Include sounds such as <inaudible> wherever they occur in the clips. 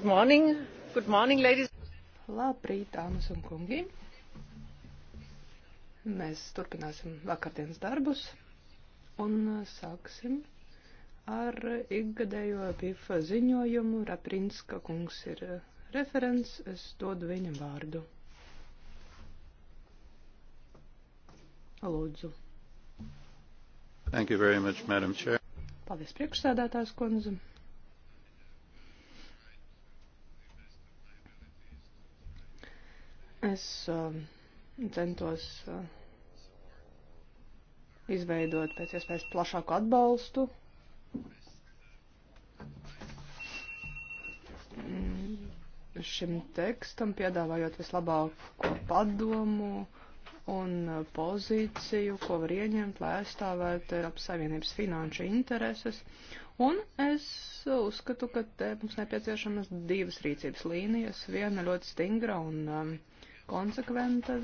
Good morning. Good morning, ladies. Labrīt, dāmas un kungi. Mēs turpināsim vakardienas darbus un uh, sāksim ar ikgadējo BIFA ziņojumu. Raprinska kungs ir uh, referents, es dodu viņam vārdu. Lūdzu. Thank you very much, Madam Chair. Paldies priekšsēdētājs kundzim. Es uh, centos uh, izveidot pēc iespējas plašāku atbalstu. Mm, šim tekstam piedāvājot vislabāko padomu un uh, pozīciju, ko var ieņemt, lai aizstāvētu Eiropas Savienības finanšu intereses. Un es uzskatu, ka te mums nepieciešamas divas rīcības līnijas. Viena ļoti stingra un um, konsekventa,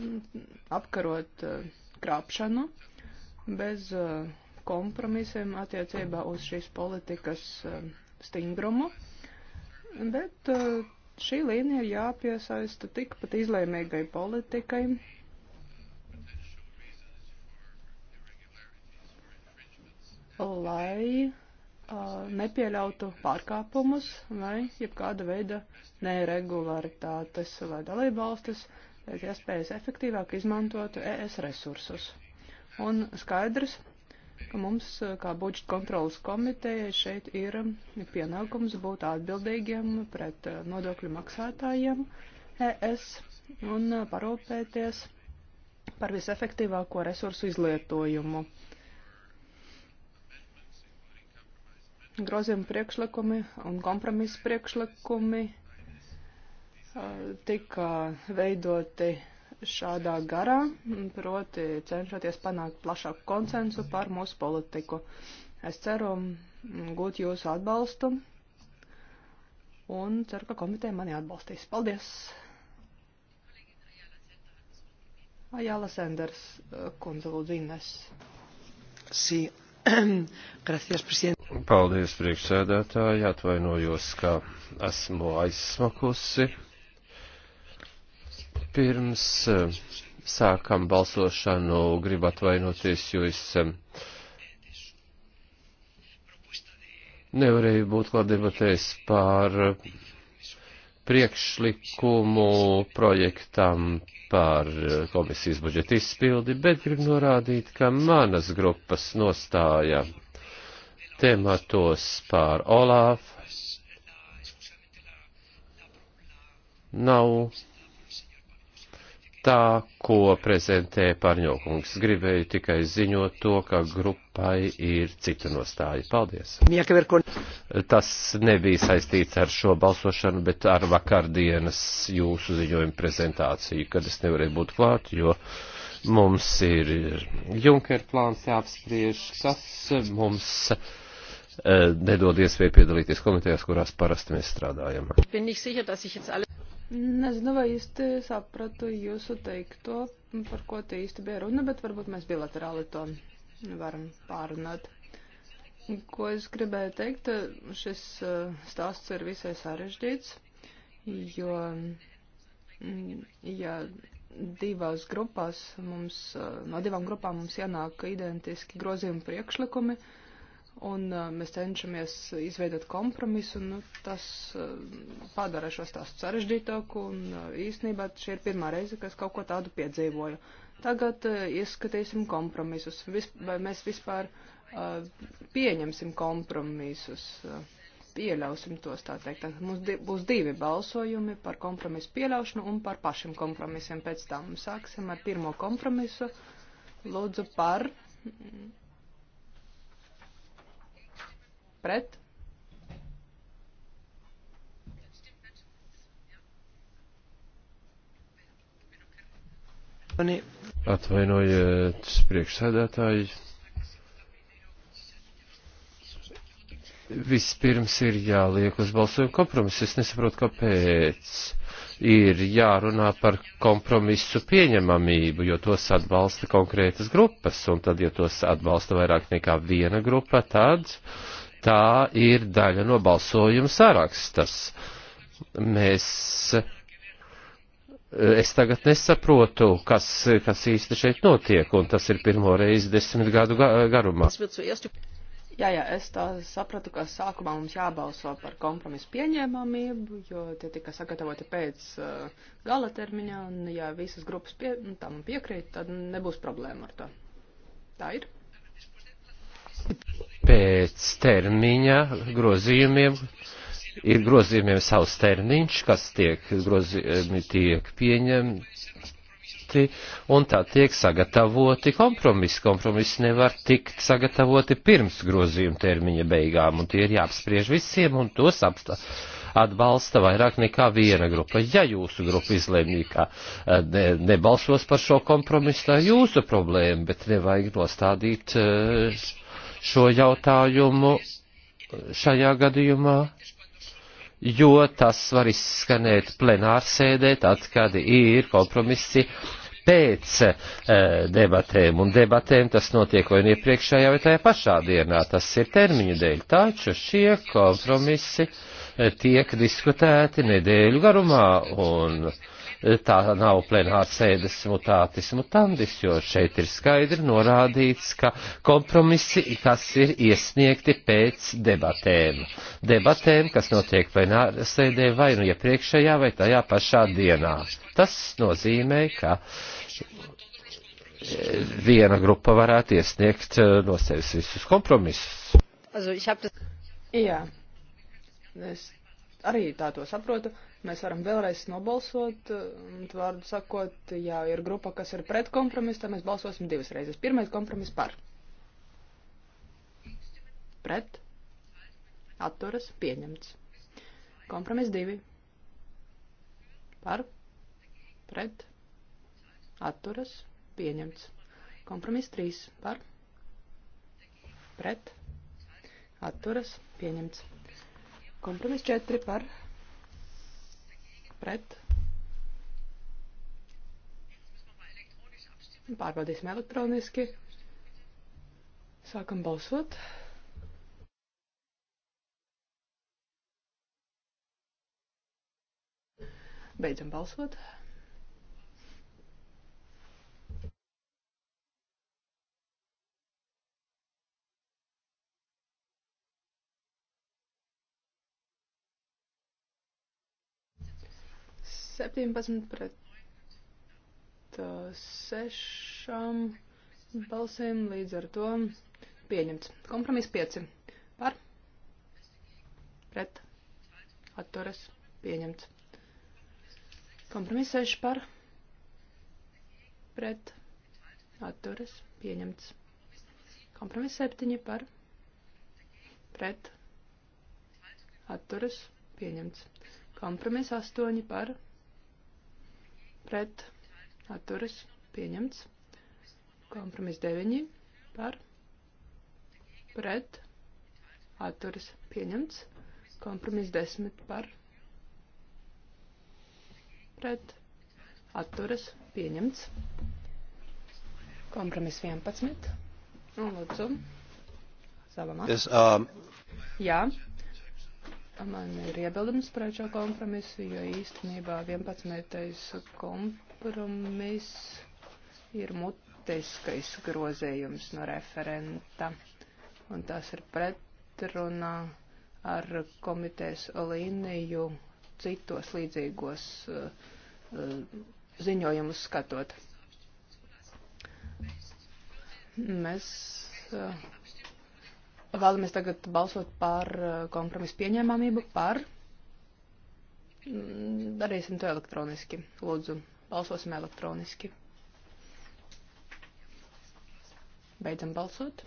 apkarot eh, krāpšanu bez eh, kompromisiem attiecībā uz šīs politikas eh, stingrumu, bet šī līnija ir jāpiesaista tikpat izlēmīgai politikai. lai uh, nepieļautu pārkāpumus vai jebkāda veida neregularitātes, lai dalībvalstis uh, pēc iespējas efektīvāk izmantotu ES resursus. Un skaidrs, ka mums, kā budžeta kontrolas komiteja, šeit ir pienākums būt atbildīgiem pret eh, nodokļu maksātājiem ES un eh, parūpēties par visefektīvāko resursu izlietojumu. Grozījuma priekšlikumi un kompromisa priekšlikumi tika veidoti šādā garā, proti cenšoties panākt plašāku konsensu par mūsu politiku. Es ceru mm, gūt jūsu atbalstu un ceru, ka komiteja mani atbalstīs. Paldies! Ajala Senders, kundze lūdzu Ines. Sí. <clears throat> Gracias, presidente. Paldies, priekšsēdētāji. Atvainojos, ka esmu aizsmakusi. Pirms eh, sākam balsošanu, gribu atvainoties, jo es eh, nevarēju būt klāt debatēs par eh, priekšlikumu projektam par komisijas budžeta izpildi, bet gribu norādīt, ka manas grupas nostāja tematos pār Olāf nav tā, ko prezentē Pārņokungs. Gribēju tikai ziņot to, ka grupai ir cita nostāja. Paldies. Tas nebija saistīts ar šo balsošanu, bet ar vakardienas jūsu ziņojumu prezentāciju, kad es nevarēju būt klāt, jo mums ir Junker plāns jāapspriež, kas mums eh, nedod iespēju piedalīties komitejās, kurās parasti mēs strādājam. Nezinu, vai īsti sapratu jūsu teikto, par ko te īsti bija runa, bet varbūt mēs bilaterāli to varam pārunāt. Ko es gribēju teikt, šis eh, stāsts ir visai sarežģīts, jo, mm, ja divās grupās mums, eh, no divām grupām mums ienāk identiski grozījumi priekšlikumi, uh, un uh, mēs cenšamies izveidot kompromisu, un nu, tas uh, padara šo stāstu sarežģītāku, un uh, īsnībā šī ir pirmā reize, kas kaut ko tādu piedzīvoju. Tagad izskatīsim kompromisus, Vis, vai mēs vispār uh, pieņemsim kompromisus, uh, pieļausim tos, tā teikt. Tad mums di būs divi balsojumi par kompromisu pieļaušanu un par pašiem kompromisiem. Pēc tam sāksim ar pirmo kompromisu. Lūdzu par pret. Atvainojiet, priekšsēdētāji. Vispirms ir jāliek uz balsojumu kompromisu. Es nesaprotu, kāpēc ir jārunā par kompromisu pieņemamību, jo tos atbalsta konkrētas grupas, un tad, ja tos atbalsta vairāk nekā viena grupa, tad tā ir daļa no balsojuma sarakstas. Mēs, es tagad nesaprotu, kas, kas īsti šeit notiek, un tas ir pirmo reizi desmit gadu garumā. Jā, jā, es tā sapratu, ka sākumā mums jābalso par kompromisu pieņēmamību, jo tie tika sagatavoti pēc uh, gala termiņa, un ja visas grupas pie, nu, tam piekrīt, tad nebūs problēma ar to. Tā ir? Pēc termiņa grozījumiem ir grozījumiem savs termiņš, kas tiek, grozījumi tiek pieņemti, un tā tiek sagatavoti kompromisi. Kompromisi nevar tikt sagatavoti pirms grozījuma termiņa beigām, un tie ir jāapspriež visiem, un tos apstākļus atbalsta vairāk nekā viena grupa. Ja jūsu grupa izlēmīja, ka eh, ne, nebalsos par šo kompromisu, tā ir jūsu problēma, bet nevajag nostādīt. Uh, šo jautājumu šajā gadījumā, jo tas var izskanēt plenārsēdē, tad, kad ir kompromisi pēc e, debatēm, un debatēm tas notiek vai nu iepriekšējā vai tajā pašā dienā, tas ir termiņu dēļ, taču šie kompromisi eh, tiek diskutēti nedēļu garumā, un tā nav plenāra sēdes mutātis mutandis, jo šeit ir skaidri norādīts, ka kompromisi, kas ir iesniegti pēc debatēm, debatēm, kas notiek plenāra sēdē vai nu iepriekšējā vai tajā pašā dienā. Tas nozīmē, ka e, viena grupa varētu iesniegt e, no sevis visus kompromisus. Also, Jā, es arī tā to saprotu. Mēs varam vēlreiz nobalsot, un vārdu sakot, ja ir grupa, kas ir pret kompromisu, tad mēs balsosim divas reizes. Pirmais kompromiss par. Pret. Atturas. Pieņemts. Kompromiss divi. Par. Pret. Atturas. Pieņemts. Kompromiss trīs. Par. Pret. Atturas. Pieņemts. Kompromiss četri. Par pret. Pārbaudīsim elektroniski. Sākam balsot. Beidzam balsot. 17 pret 6 uh, balsīm līdz ar to pieņemts. Kompromiss 5 par pret atturas pieņemts. Kompromiss 6 par pret atturas pieņemts. Kompromiss 7 par pret atturas pieņemts. Kompromiss 8 par pret pret atturas pieņemts. Kompromiss 9 par pret atturas pieņemts. Kompromiss 10 par pret atturas pieņemts. Kompromiss 11. Un lūdzu, savamā. Yes, um... Jā. Man ir iebildums pret šo kompromisu, jo īstenībā 11. kompromiss ir mutiskais grozējums no referenta, un tas ir pretrunā ar komitejas līniju citos līdzīgos uh, uh ziņojumus skatot. Mēs uh, Vēlamies tagad balsot par eh, kompromisu pieņēmamību, par. Mm, darīsim to elektroniski. Lūdzu, balsosim elektroniski. Beidzam balsot.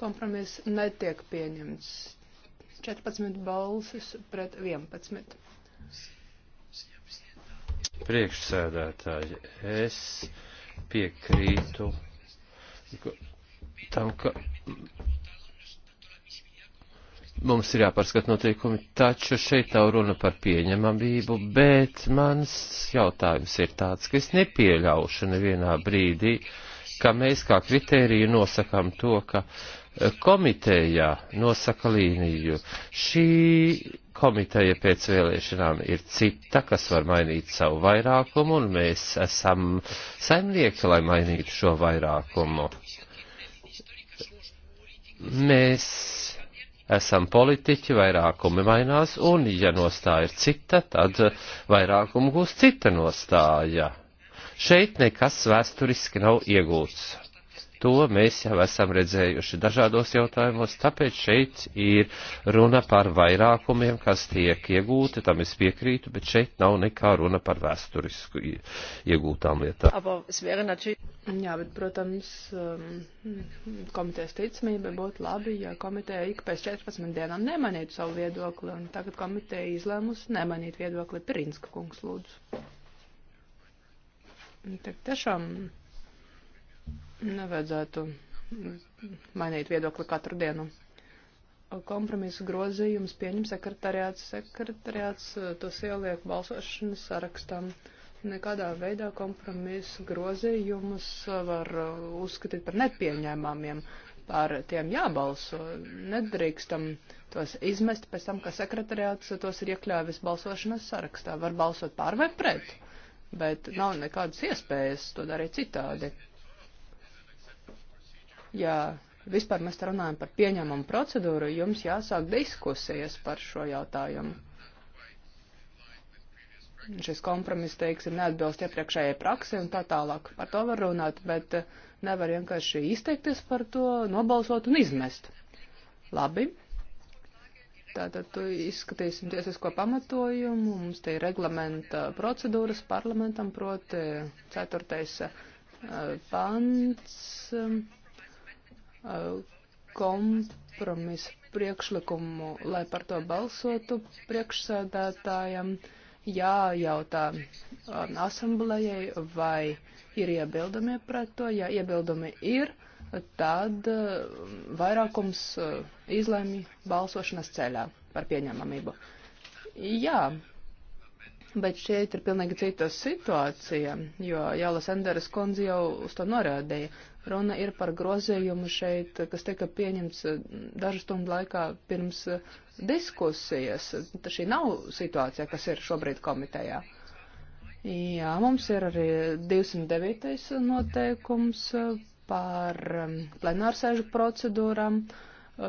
Kompromiss netiek pieņemts. 14 balsis pret 11. Priekšsēdētāji, es piekrītu tam, ka mums ir jāpārskat noteikumi, taču šeit nav runa par pieņemamību, bet mans jautājums ir tāds, ka es nepieļaušu nevienā brīdī, ka mēs kā kritēriju nosakām to, ka komitējā nosaka līniju. Šī komiteja pēc vēlēšanām ir cita, kas var mainīt savu vairākumu, un mēs esam saimnieki, lai mainītu šo vairākumu. Mēs esam politiķi, vairākumi mainās, un ja nostāja ir cita, tad vairākumu gūs cita nostāja. Šeit nekas vēsturiski nav iegūts. To mēs jau esam redzējuši dažādos jautājumos, tāpēc šeit ir runa par vairākumiem, kas tiek iegūti, tam es piekrītu, bet šeit nav nekā runa par vēsturisku iegūtām lietām. Jā, bet, protams, um, komitejas ticamība būtu labi, ja komiteja ik pēc 14 dienām nemanītu savu viedokli, un tagad komiteja izlēmusi nemanīt viedokli Pirinska kungs lūdzu. Tad tiešām nevajadzētu mainīt viedokli katru dienu. Kompromisu grozījums pieņem sekretariāts. Sekretariāts eh, tos ieliek balsošanas sarakstam. Nekādā veidā kompromisu grozījumus eh, var eh, uzskatīt par nepieņēmāmiem. Par tiem jābalso. Nedrīkstam tos izmest pēc tam, ka sekretariāts tos ir iekļāvis balsošanas sarakstā. Var balsot pār vai pret, bet nav nekādas iespējas to darīt citādi ja vispār mēs te runājam par pieņemumu procedūru, jums jāsāk diskusijas par šo jautājumu. Šis kompromiss, teiksim, neatbilst iepriekšējai praksē un tā tālāk. Par to var runāt, bet eh, nevar vienkārši izteikties par to, nobalsot un izmest. Labi. Tātad tu izskatīsim tiesisko pamatojumu. Mums te ir reglamenta procedūras parlamentam, proti 4. Eh, pants kompromisu priekšlikumu, lai par to balsotu priekšsēdētājam, jājautā um, asamblējai, vai ir iebildumi pret to. Ja iebildumi ir, tad um, vairākums uh, izlēmi balsošanas ceļā par pieņemamību. Jā, bet šeit ir pilnīgi cita situācija, jo Jālas Enderes kundze jau uz to norādīja. Runa ir par grozījumu šeit, kas tika pieņemts eh, dažu stundu laikā pirms eh, diskusijas. Tā šī nav situācija, kas ir šobrīd komitejā. Jā, mums ir arī 209. noteikums eh, par plenārsēžu procedūrām,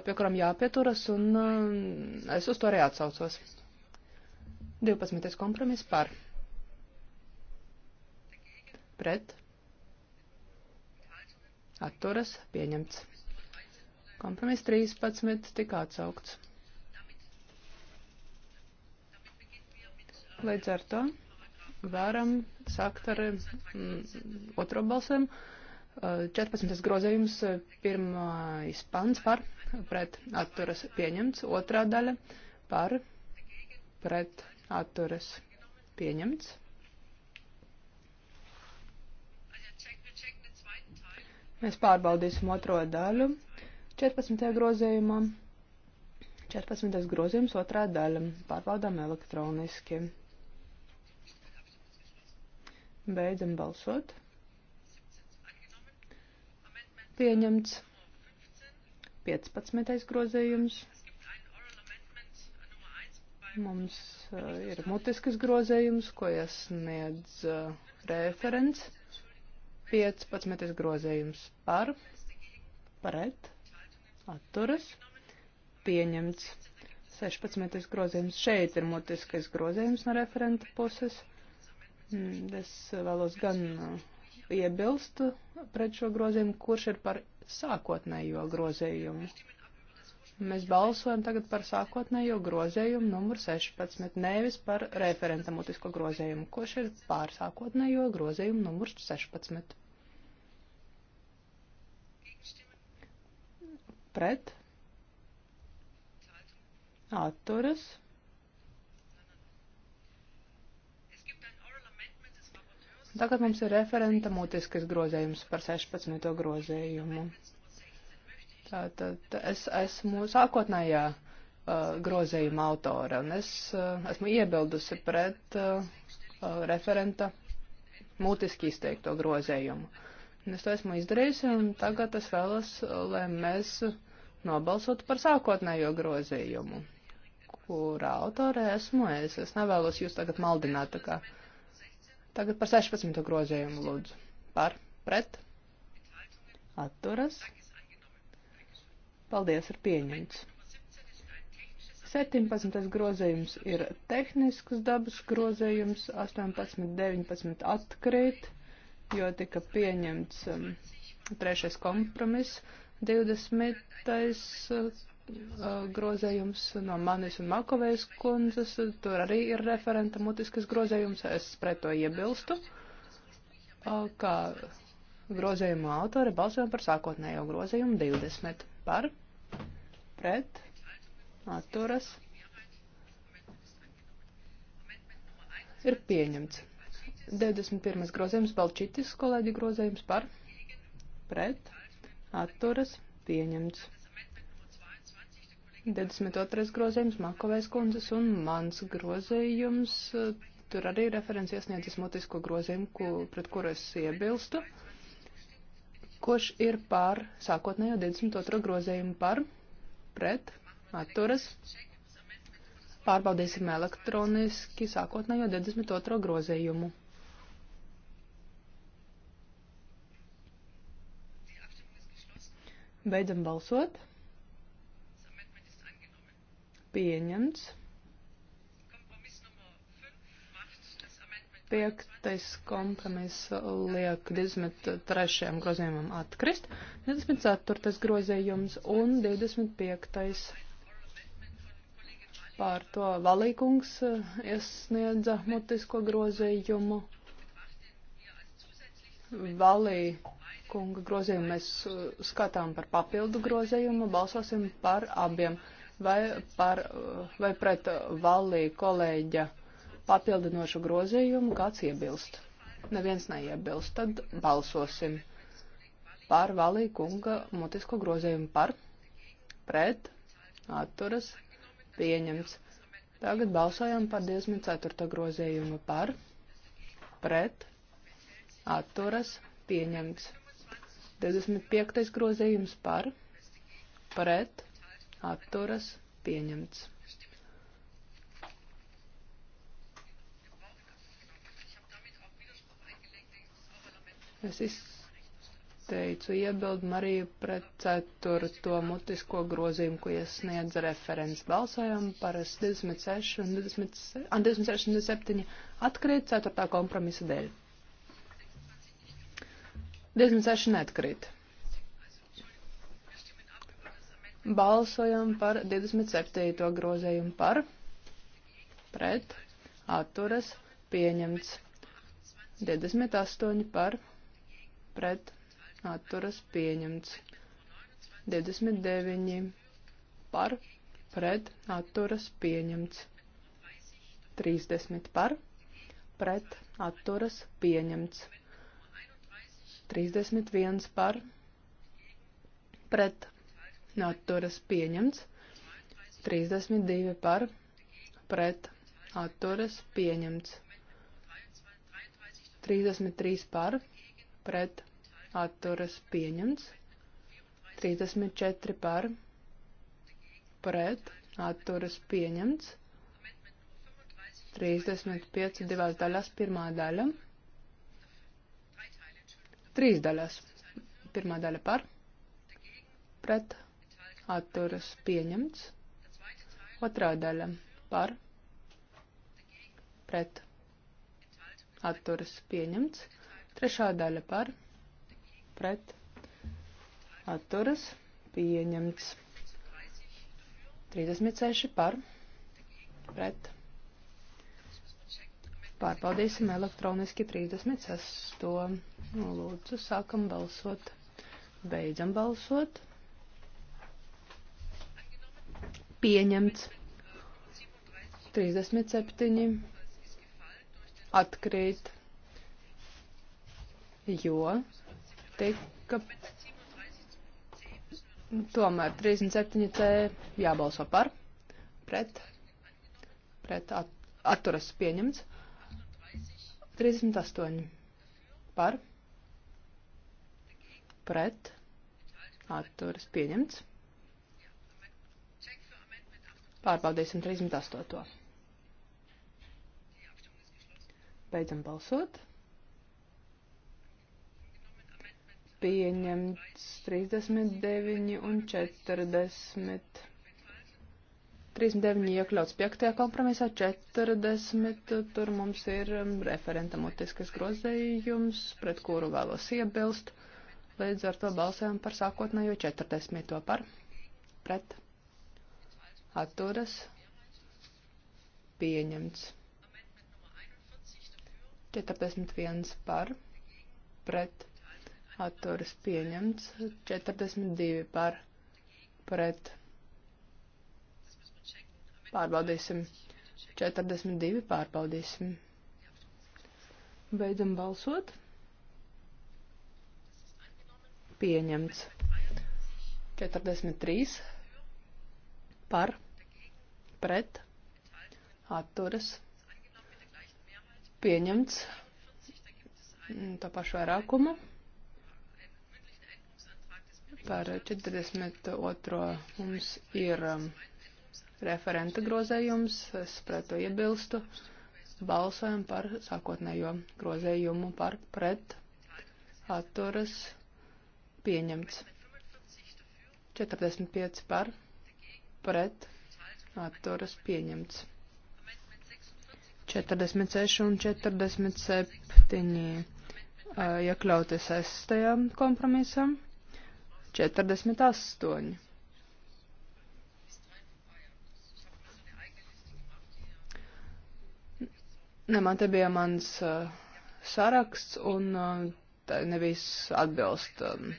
pie kurām jāpieturas, un es uz to arī atsaucos. 12. kompromiss par. Pret atturas pieņemts. Kompromiss 13 tika atsaukts. Līdz ar to varam sākt ar mm, otro balsēm. 14. Eh, grozījums, eh, pirmais pants par, pret atturas pieņemts, otrā daļa par, pret atturas pieņemts. Mēs pārbaudīsim otro daļu 14. grozījumā. 14. grozījums otrā daļa. Pārbaudām elektroniski. Beidzam balsot. Pieņemts 15. grozījums. Mums uh, ir mutiskas grozējums, ko iesniedz uh, referents. 15. grozējums par, paret, atturas, pieņemts. 16. grozējums šeit ir mutiskais grozējums no referenta puses. Mm, es vēlos gan uh, iebilst pret šo grozījumu, kurš ir par sākotnējo grozījumu. Mēs balsojam tagad par sākotnējo grozējumu numur 16, nevis par referenta mutisko grozējumu, koš ir pār sākotnējo grozējumu numur 16. Pret. Atturas. Tagad mums ir referenta mutiskais grozējums par 16. grozējumu. Tātad es esmu sākotnējā uh, grozījuma autora, un es uh, esmu iebildusi pret uh, referenta mutiski izteikto grozējumu. Un es to esmu izdarījusi, un tagad es vēlos, lai mēs nobalsotu par sākotnējo grozījumu, kurā autore esmu es. Es nevēlos jūs tagad maldināt, tā kā. Tagad par 16. grozījumu lūdzu. Par, pret, atturas, Paldies, ir pieņemts. 17. grozējums ir tehnisks dabas grozējums, 18, 19 atkrīt, jo tika pieņemts um, trešais kompromiss, 20. Uh, grozējums no manis un Makovējas kundzes, tur arī ir referenta mutiskas grozējums, es pret to iebilstu, uh, kā grozējuma autore balsojam par sākotnējo grozījumu 20 par, pret, atturas, ir pieņemts. 91. grozējums Balčitis, kolēģi grozējums par, pret, atturas, pieņemts. 22. grozējums Makovais kundzes un mans grozējums, tur arī referents iesniedzis mutisko grozījumu, ku, pret kuru es iebilstu. Uh, Kurš ir pār sākotnējo 22. grozējumu par? Pret? Atturas? Pārbaudīsim elektroniski sākotnējo 22. grozējumu. Beidzam balsot. Pieņemts. Piektais kompromiss liek 23. grozījumam atkrist, 24. grozījums un 25. pār to valīkungs eh, iesniedza mutisko grozījumu. Valī kunga grozījumu mēs eh, skatām par papildu grozījumu, balsosim par abiem vai, par, eh, vai pret valī kolēģa grozījumu papildinošu grozījumu, kāds iebilst. Neviens neiebilst, tad balsosim par Valī kunga mutisko grozījumu par, pret, atturas, pieņemts. Tagad balsojam par 24. grozījumu par, pret, atturas, pieņemts. 25. grozījums par, pret, atturas, pieņemts. Es izteicu iebildumu arī pret ceturto mutisko grozījumu, ko iesniedz referents. Balsojam par 26 un 26, 26 ah, un 27 atkrīt ceturtā kompromisa dēļ. 26 neatkrīt. Balsojam par 27. grozējumu par, pret, atturas, pieņemts. 28 par, pret atturas pieņemts. 29 par pret atturas pieņemts. 30 par pret atturas pieņemts. 31 par pret atturas pieņemts. 32 par pret atturas pieņemts. 33 par pret atturas pieņemts. 34 par pret atturas pieņemts. 35 divās daļās pirmā daļa. Trīs daļās. Pirmā daļa par pret atturas pieņemts. Otrā daļa par pret atturas pieņemts. Trešā daļa par pret atturas pieņemts. 36 par pret. Pārbaudīsim elektroniski 36. Nu, lūdzu, sākam balsot. Beidzam balsot. Pieņemts. 37. Atkrīt jo tika tomēr 37C jābalso par, pret, pret at, atturas pieņemts, 38 par, pret, atturas pieņemts. Pārbaudīsim 38. Beidzam balsot. pieņemts 39 un 40. 39 iekļauts 5. kompromisā, 40. Tur mums ir um, referenta mutiskas grozējums, pret kuru vēlos iebilst. Līdz ar to balsējam par sākotnējo 40. par pret atturas pieņemts. 41 par pret atturas pieņemts, 42 par pret. Pārbaudīsim. 42 pārbaudīsim. Beidzam balsot. Pieņemts. 43 par pret atturas. Pieņemts. Mm, Tā paša vairākuma. Par 42. mums ir um, referenta grozējums, es pret to iebilstu. Balsojam par sākotnējo grozējumu par pret atturas pieņemts. 45 par pret atturas pieņemts. 46 un 47 uh, iekļauti sestajā kompromisam 48. Ne, man te bija mans uh, saraksts, un uh, eh, tā nevis atbilst um,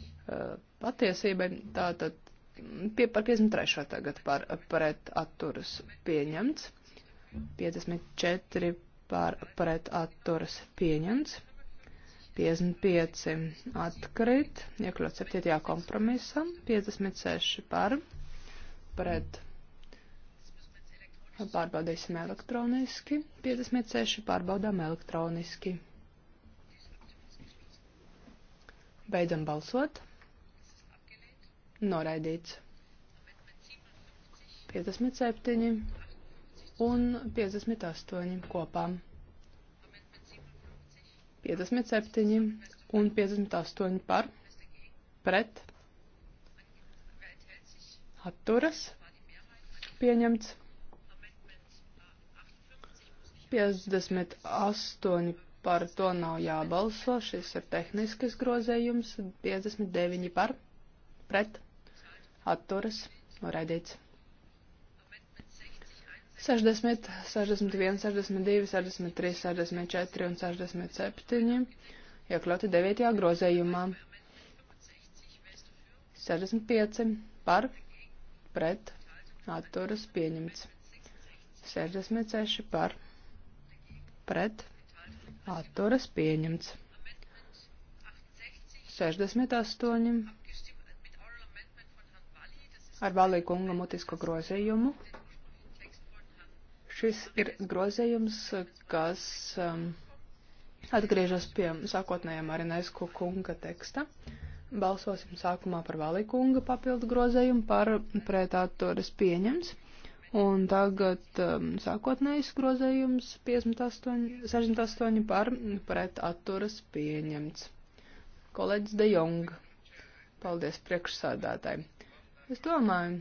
uh, patiesībai. Tātad mm, pie, par 53. tagad par pret atturas pieņemts. 54 par pret atturas pieņemts. 55 atkrīt, iekļaut 7. kompromisam, 56 par, pret, pārbaudīsim elektroniski, 56 pārbaudām elektroniski. Beidzam balsot. Noraidīts. 57 un 58 kopām. 57 un 58 par pret atturas pieņemts 58 par to nav jābalso, šis ir tehniskas grozējums, 59 par pret atturas noraidīts. 60, 61, 62, 63, 64 un 67 iekļauti 9. grozējumā. 65 par, pret, atturas pieņemts. 66 par, pret, atturas pieņemts. 68 ar balīkunga mutisko grozījumu Šis ir grozījums, kas um, atgriežas pie sākotnējā Marinesku kunga teksta. Balsosim sākumā par Valikunga papildu grozījumu par pretātoras pieņems. Un tagad um, sākotnējs grozējums 58, 68 par pret atturas pieņemts. Kolēģis De Jong. Paldies priekšsādātāji. Es domāju,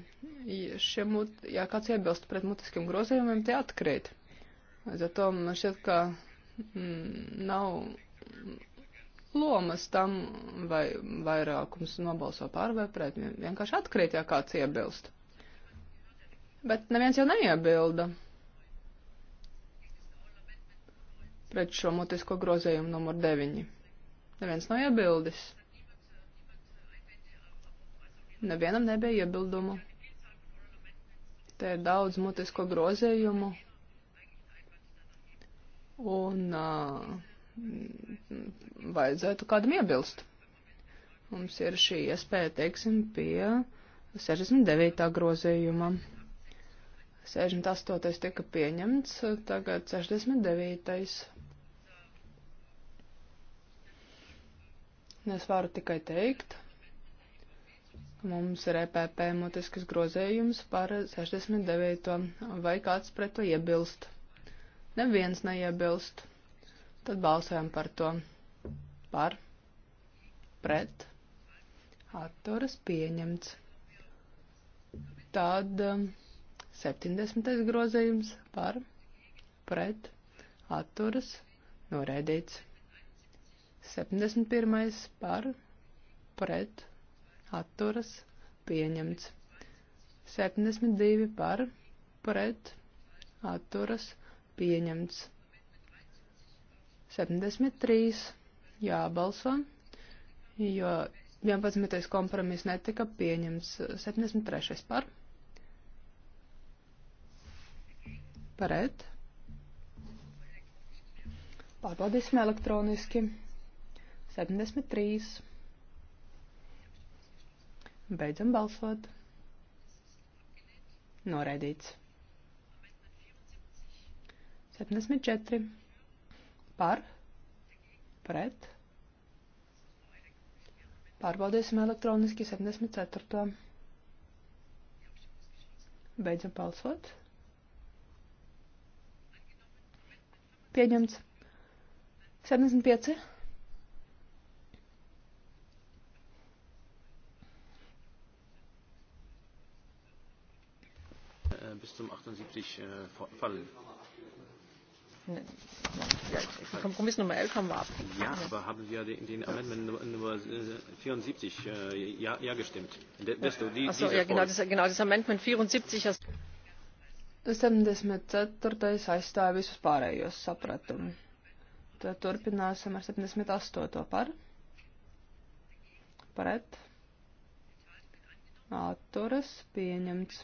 ja, mut, ja kāds iebilst pret mutiskiem grozījumiem, tie atkrīt. Līdz ar to man šķiet, ka mm, nav lomas tam, vai vairākums nobalso pār vai pret. Vienkārši atkrīt, ja kāds iebilst. Bet neviens jau neiebilda pret šo mutisko grozījumu numur 9. Neviens nav iebildis. Nevienam nebija iebildumu. Te ir daudz mutisko grozējumu. Un uh, vajadzētu kādam iebilst. Mums ir šī iespēja, teiksim, pie 69. grozējuma. 68. tika pieņemts, tagad 69. Es varu tikai teikt, Mums ir EPP mutiskas grozējums par 69. Vai kāds pret to iebilst? Neviens neiebilst. Tad balsojam par to. Par. Pret. Atturas pieņemts. Tad 70. Um, grozējums par. Pret. Atturas noraidīts. 71. par. Pret atturas pieņemts. 72 par pret atturas pieņemts. 73 jābalso, jo 11. kompromiss netika pieņemts. 73 par pret. Pārbaudīsim elektroniski. 73. Beidzam balsot. Noraidīts. 74. Par. Pret. Pārbaudīsim elektroniski 74. Beidzam balsot. Pieņemts. 75. bis zum 78 äh, fallen. Ne, ja, Kompromiss Nummer 11 haben wir ab. Ja, aber haben wir den, den Amendment Nummer 74 äh, äh, ja, ja gestimmt? De, desto, die, Achso, ja, genau das, genau, das Amendment 74 hast. 74. aizstāja visus pārējos, sapratu. Tad turpināsim ar 78. par. Pret. Atturas pieņemts.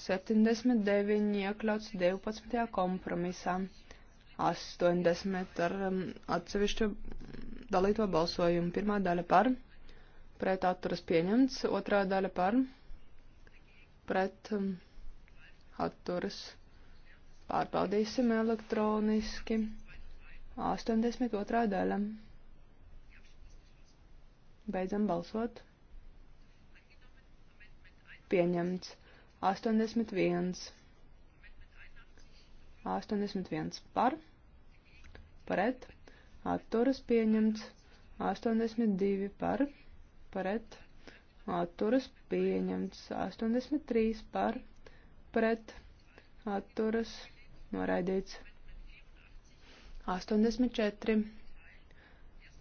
79 iekļauts 12. kompromisā, 80 ar um, atsevišķu dalīto balsojumu. Pirmā daļa par, pret atturas pieņemts, otrā daļa par, pret um, atturas pārbaudīsim elektroniski. 82. daļa. Beidzam balsot. Pieņemts. 81. 81 par, pret, atturas pieņemts, 82 par, pret, atturas pieņemts, 83 par, pret, atturas noraidīts, 84,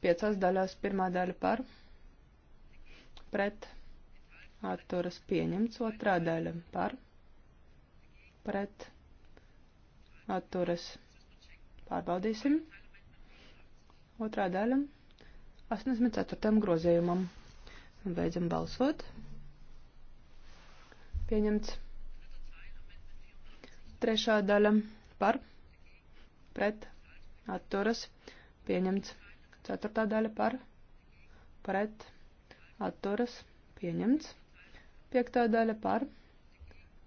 5 daļās, pirmā daļa par, pret, atturas pieņemts otrā daļa par pret atturas pārbaudīsim. Otrā daļa 84. grozējumam. Beidzam balsot. Pieņemts. Trešā daļa par pret atturas pieņemts. Ceturtā daļa par pret atturas pieņemts pieņemts. Piektā daļa par,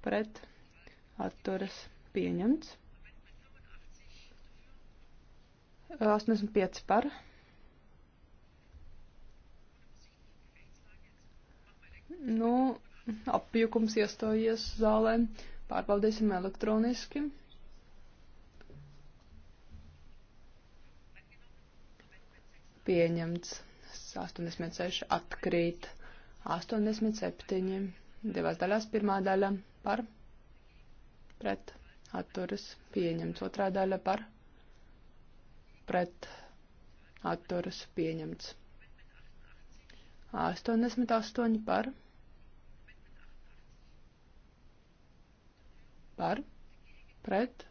pret, atturas, pieņemts. 85 par. Nu, apjukums iestājies zālē. Pārbaudīsim elektroniski. Pieņemts. 86 atkrīt. 87. Divās daļās pirmā daļa par pret atturas pieņemts. Otrā daļa par pret atturas pieņemts. 88 par par pret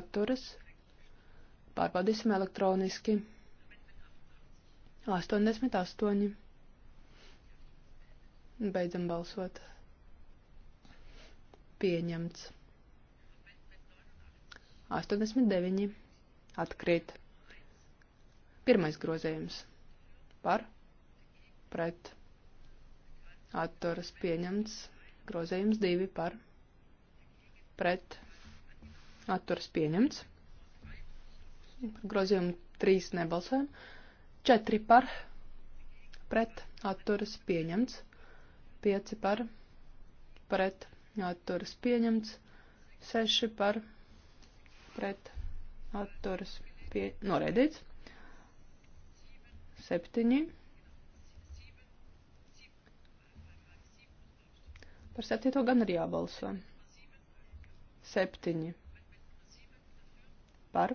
atturas pārbaudīsim elektroniski. 88. Beidzam balsot. Pieņemts. 89. Atkrīt. Pirmais grozējums. Par. Pret. Atturas pieņemts. Grozējums 2 par. Pret. Atturas pieņemts. Grozījumu 3 nebalsojam. 4 par. Pret. Atturas pieņemts. 5 par pret atturas pieņemts, 6 par pret atturas pie... noraidīts, 7 Par septīto gan ir jābalso. Septiņi. Par.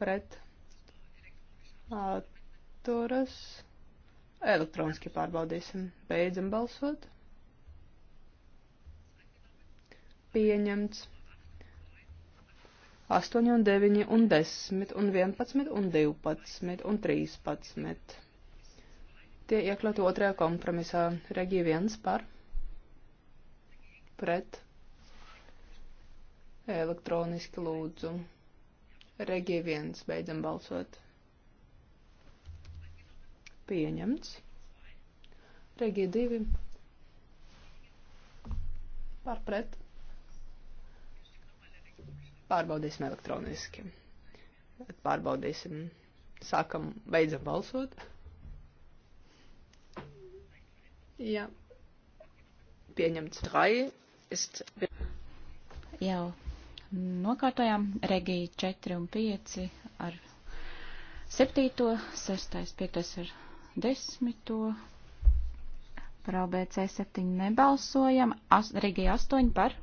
Pret. Atturas. Elektroniski pārbaudīsim. Beidzam balsot. Pieņemts. 8 un 9 un 10 un 11 un 12 un 13. Tie iekļauti otrajā kompromisā. Regija 1 par. Pret. Elektroniski lūdzu. Regija 1. Beidzam balsot pieņemts. Regija 2 par pret. Pārbaudīsim elektroniski. Pārbaudīsim. Sākam, beidzam balsot. Jā. Pieņemts. 3 ist. Jau nokārtojām Regija 4 un 5 ar 7. 6. 5. ar desmito. Par ABC 7 nebalsojam. As, Rīgija 8 par.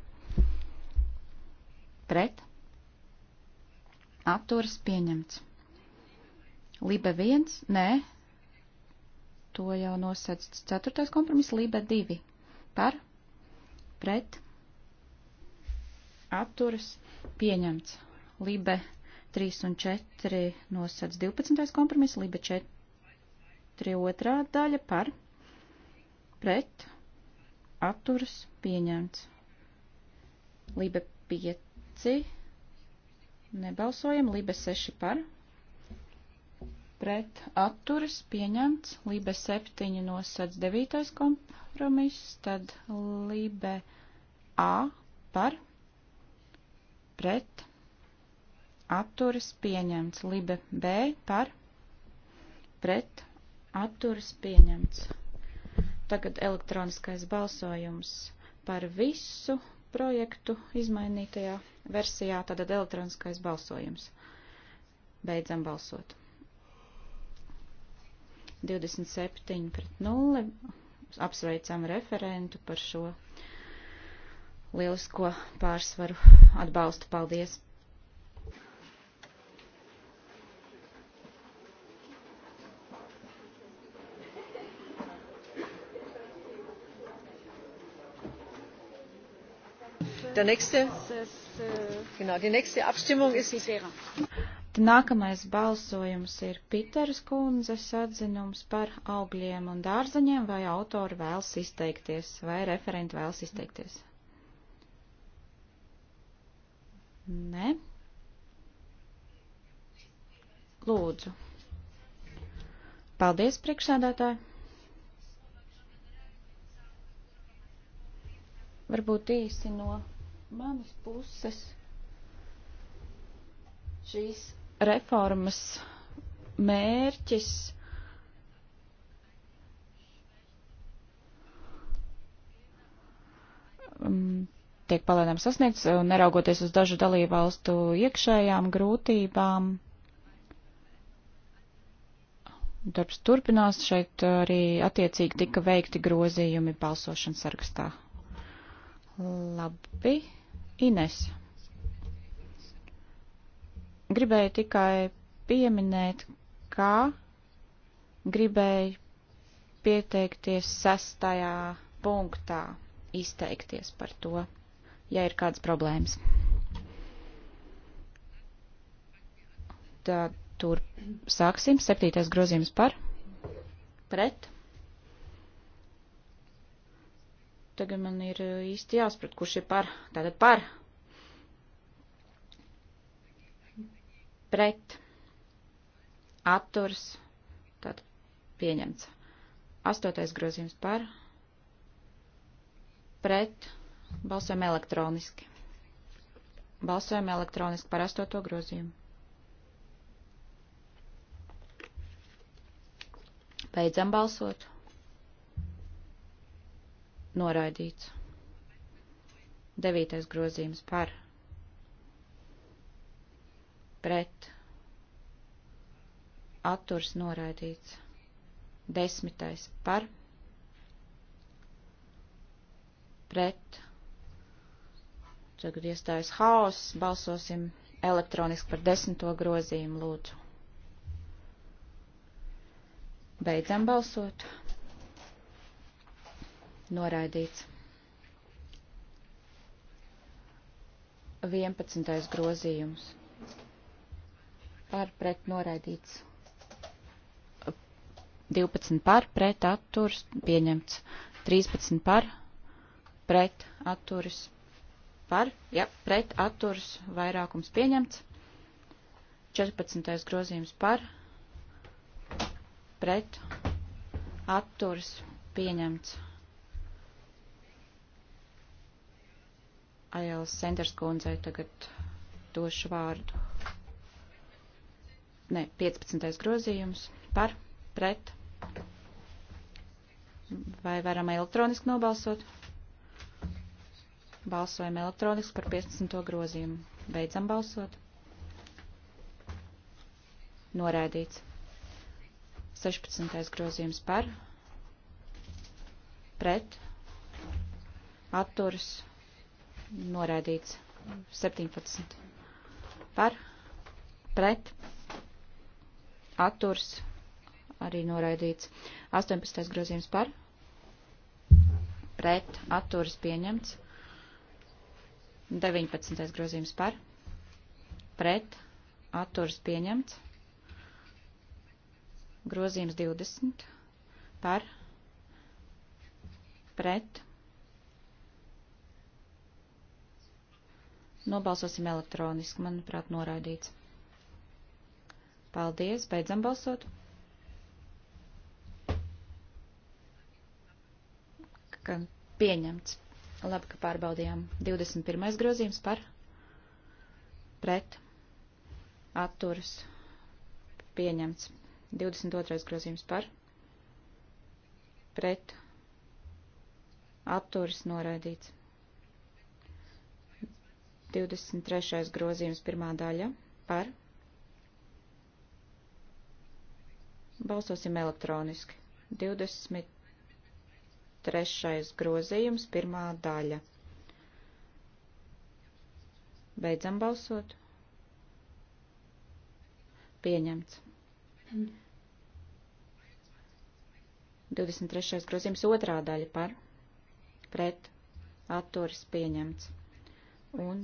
Pret. Atturas pieņemts. Libe 1, nē. To jau nosēc 4. kompromiss. Libe 2 par. Pret. Atturas pieņemts. Libe 3 un 4 nosēc 12. kompromiss. Libe 4 Agri otrā daļa par pret atturas pieņemts. Libe 5 nebalsojam, Libe 6 par pret atturas pieņemts, Libe 7 nosac 9 kompromiss, tad Libe A par pret atturas pieņemts, Libe B par pret atturas pieņemts. Tagad elektroniskais balsojums par visu projektu izmainītajā versijā, tātad elektroniskais balsojums. Beidzam balsot. 27 pret 0. Apsveicam referentu par šo lielisko pārsvaru atbalstu. Paldies! Der nächste, genau, die nächste Abstimmung ist. Nākamais balsojums ir Piteras kundzes atzinums par augļiem un dārzeņiem, vai autori vēlas izteikties, vai referenti vēlas izteikties. Nē. Lūdzu. Paldies, priekšsēdētāji. Varbūt īsi no manas puses šīs reformas mērķis mm, tiek palēnām sasniegts, neraugoties uz dažu dalībvalstu iekšējām grūtībām. Darbs turpinās, šeit arī attiecīgi tika veikti grozījumi balsošanas sarakstā. Labi. Ines. Gribēju tikai pieminēt, kā gribēju pieteikties sastajā punktā, izteikties par to, ja ir kādas problēmas. Tad tur sāksim. Septītais grozījums par pret. Tagad man ir eh, īsti jāsprot, kurš ir par, tātad par, pret, atturs, tātad pieņemts. Astotais grozījums par, pret, balsojam elektroniski. Balsojam elektroniski par astoto grozījumu. Beidzam balsot noraidīts. Devītais grozījums par, pret, atturs noraidīts. Desmitais par, pret, tagad iestājas haoss, balsosim elektroniski par desmito grozījumu lūdzu. Beidzam balsot. Noraidīts. 11. grozījums. Par pret noraidīts. 12 par pret atturs pieņemts. 13 par pret atturs par, ja, pret atturs vairākums pieņemts. 14. grozījums par pret atturs pieņemts. Ajēlas Sanders kundzei tagad došu vārdu. Nē, 15. grozījums par, pret. Vai varam elektroniski nobalsot? Balsojam elektroniski par 15. grozījumu. Beidzam balsot. Norēdīts. 16. grozījums par, pret, atturas Noraidīts. 17. Par. Pret. Atturs. Arī noraidīts. 18. grozījums par. Pret. Atturs pieņemts. 19. grozījums par. Pret. Atturs pieņemts. Grozījums 20. Par. Pret. Nobalsosim elektroniski, manuprāt, noraidīts. Paldies, beidzam balsot. Ka pieņemts. Labi, ka pārbaudījām. 21. grozījums par pret atturas pieņemts. 22. grozījums par pret atturas noraidīts. 23. grozījums pirmā daļa par. Balsosim elektroniski. 23. grozījums pirmā daļa. Beidzam balsot. Pieņemts. 23. grozījums otrā daļa par. Pret. Atturis pieņemts. Un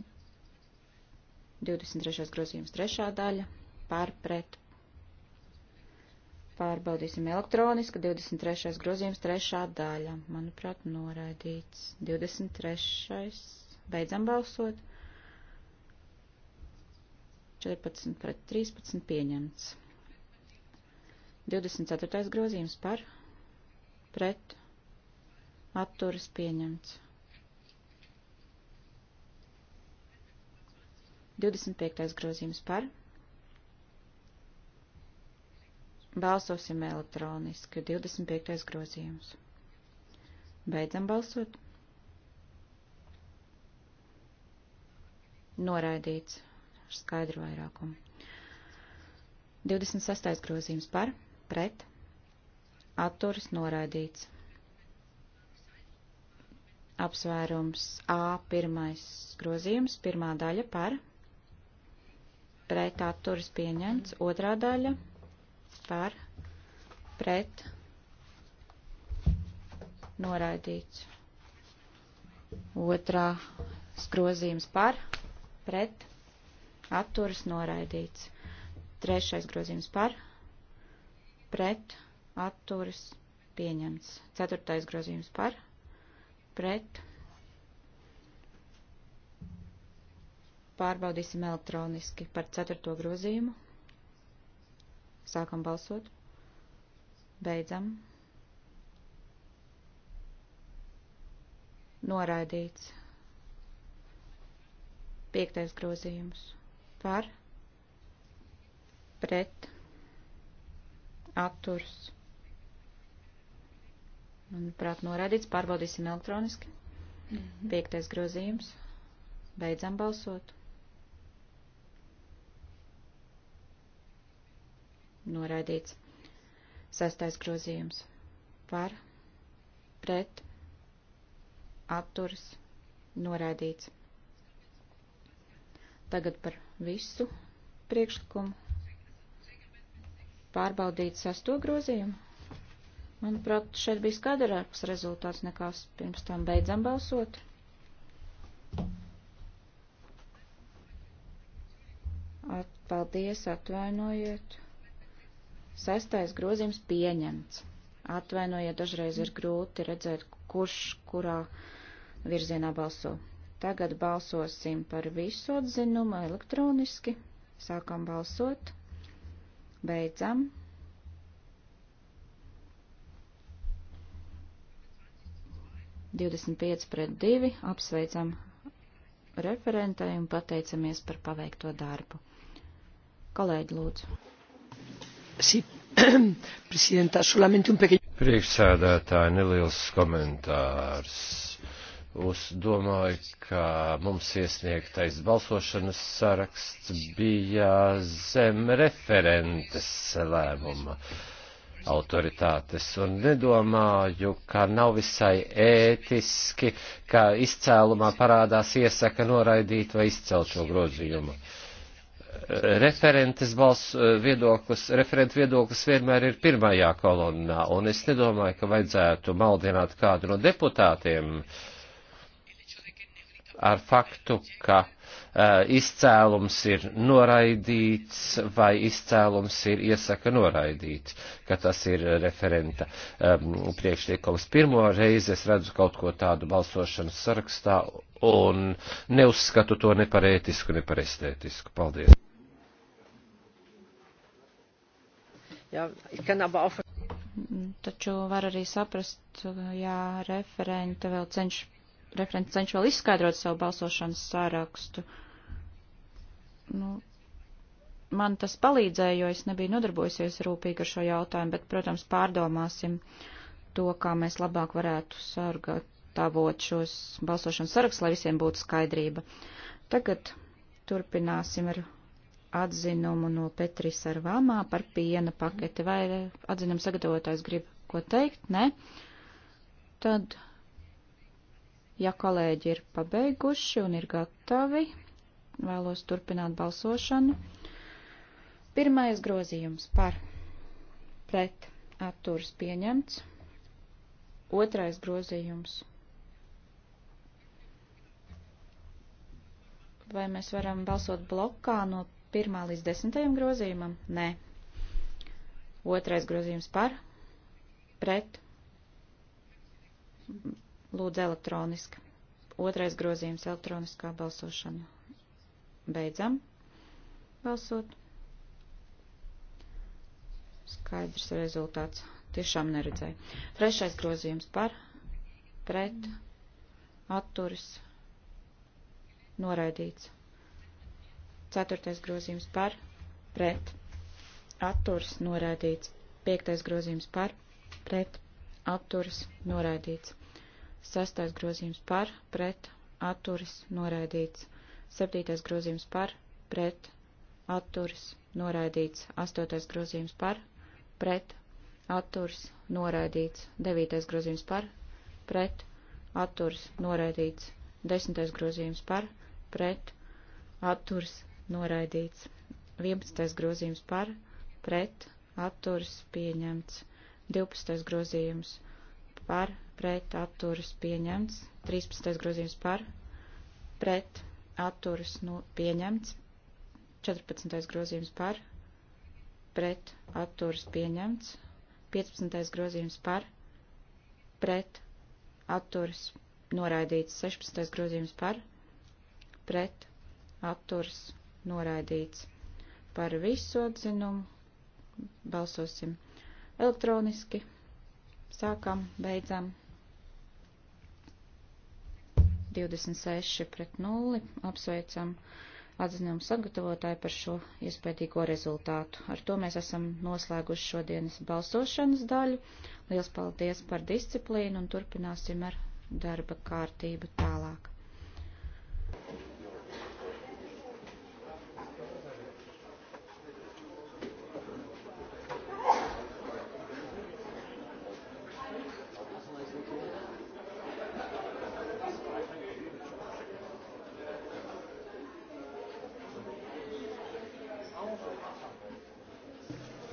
23. grozījums trešā daļa par pret. Pārbaudīsim elektroniski. 23. grozījums trešā daļa. Manuprāt, noraidīts. 23. Beidzam balsot. 14 pret 13 pieņemts. 24. grozījums par pret. Atturas pieņemts. 25. grozījums par. Balsosim elektroniski. 25. grozījums. Beidzam balsot. Noraidīts ar skaidru vairākumu. 26. grozījums par, pret, atturis noraidīts. Apsvērums A, pirmais grozījums, pirmā daļa par, pret pret atturas pieņemts, otrā daļa par pret noraidīts. Otrā grozījums par pret atturas noraidīts. Trešais grozījums par pret atturas pieņemts. Ceturtais grozījums par pret Pārbaudīsim elektroniski par ceturto grozījumu. Sākam balsot. Beidzam. Noraidīts. Piektais grozījums. Par. Pret. Atturs. Manuprāt, noraidīts. Pārbaudīsim elektroniski. Mhm. Piektais grozījums. Beidzam balsot. noraidīts. Sastais grozījums par, pret, atturas, noraidīts. Tagad par visu priekšlikumu. Pārbaudīt sesto grozījumu. Manuprāt, šeit bija skaidrāks rezultāts nekā pirms tam beidzam balsot. At, paldies, atvainojiet. Sestais grozījums pieņemts. Atvainojiet, dažreiz ir grūti redzēt, kurš kurā virzienā balso. Tagad balsosim par visu atzinumu elektroniski. Sākam balsot. Beidzam. Divdesmit pieci pret divi apsveicam referentai un pateicamies par paveikto darbu. Kolēģi, lūdzu. Sí, <clears throat> presidenta, solamente un pequeño. Priekšsēdētāji, neliels komentārs. Es domāju, ka mums iesniegtais balsošanas saraksts bija zem referentes lēmuma autoritātes un nedomāju, ka nav visai ētiski, ka izcēlumā parādās iesaka noraidīt vai izcelt šo grozījumu. Uh, referentes balss eh, viedoklis, referenta viedoklis vienmēr ir pirmajā kolonnā, un es nedomāju, ka vajadzētu maldināt kādu no deputātiem ar faktu, ka eh, izcēlums ir noraidīts vai izcēlums ir iesaka noraidīt, ka tas ir referenta um, eh, priekšlikums. Pirmo reizi es redzu kaut ko tādu balsošanas sarakstā un neuzskatu to ne par ētisku, ne par estētisku. Paldies! Ja, ich kann aber auch taču var arī saprast, ja referente vēl cenš, referente cenš vēl izskaidrot savu balsošanas sārakstu. Nu, man tas palīdzēja, jo es nebiju nodarbojusies rūpīgi ar šo jautājumu, bet, protams, pārdomāsim to, kā mēs labāk varētu sargatavot šos balsošanas sarakstus, lai visiem būtu skaidrība. Tagad turpināsim ar atzinumu no Petris ar Vamā par piena paketi. Vai atzinums sagatavotājs grib ko teikt? Nē. Tad, ja kolēģi ir pabeiguši un ir gatavi, vēlos turpināt balsošanu. Pirmais grozījums par pret atturas pieņemts. Otrais grozījums. Vai mēs varam balsot blokā no 1 līdz 10 grozījumam? Nē. Otrais grozījums par, pret, lūdzu elektroniski. Otrais grozījums elektroniskā balsošana. Beidzam balsot. Skaidrs rezultāts. Tiešām neredzēju. Trešais grozījums par, pret, atturis, noraidīts. Ceturtais grozījums par, pret, atturs noraidīts. Piektais grozījums par, pret, atturs noraidīts. Sastais grozījums par, pret, atturs noraidīts. Septītais grozījums par, pret, atturs noraidīts. Astotais grozījums par, pret, atturs noraidīts. Devītais grozījums par, pret, atturs noraidīts. Desmitais grozījums par, pret, atturs noraidīts. 11. grozījums par, pret, atturas pieņemts. 12. grozījums par, pret, atturas pieņemts. 13. grozījums par, pret, atturas nu, pieņemts. 14. grozījums par, pret, atturas pieņemts. 15. grozījums par, pret, atturas noraidīts. 16. grozījums par, pret, atturas noraidīts. Par visu atzinumu balsosim elektroniski. Sākam, beidzam. 26 pret 0. Apsveicam atzinumu sagatavotāju par šo iespējīgo rezultātu. Ar to mēs esam noslēguši šodienas balsošanas daļu. Liels paldies par disciplīnu un turpināsim ar darba kārtību tālāk.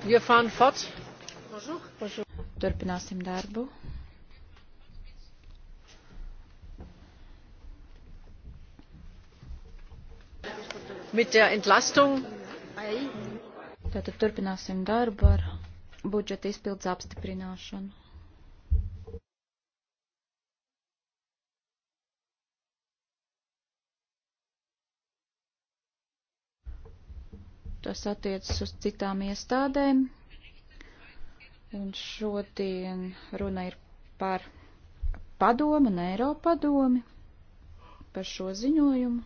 Wir fahren fort. Bonjour. Bonjour. Turpināsim darbu. Mit der Entlastung. Tātad turpināsim darbu ar budžeta izpildes apstiprināšanu. kas attiecas uz citām iestādēm. Un šodien runa ir par padomu un Eiropadomi par šo ziņojumu.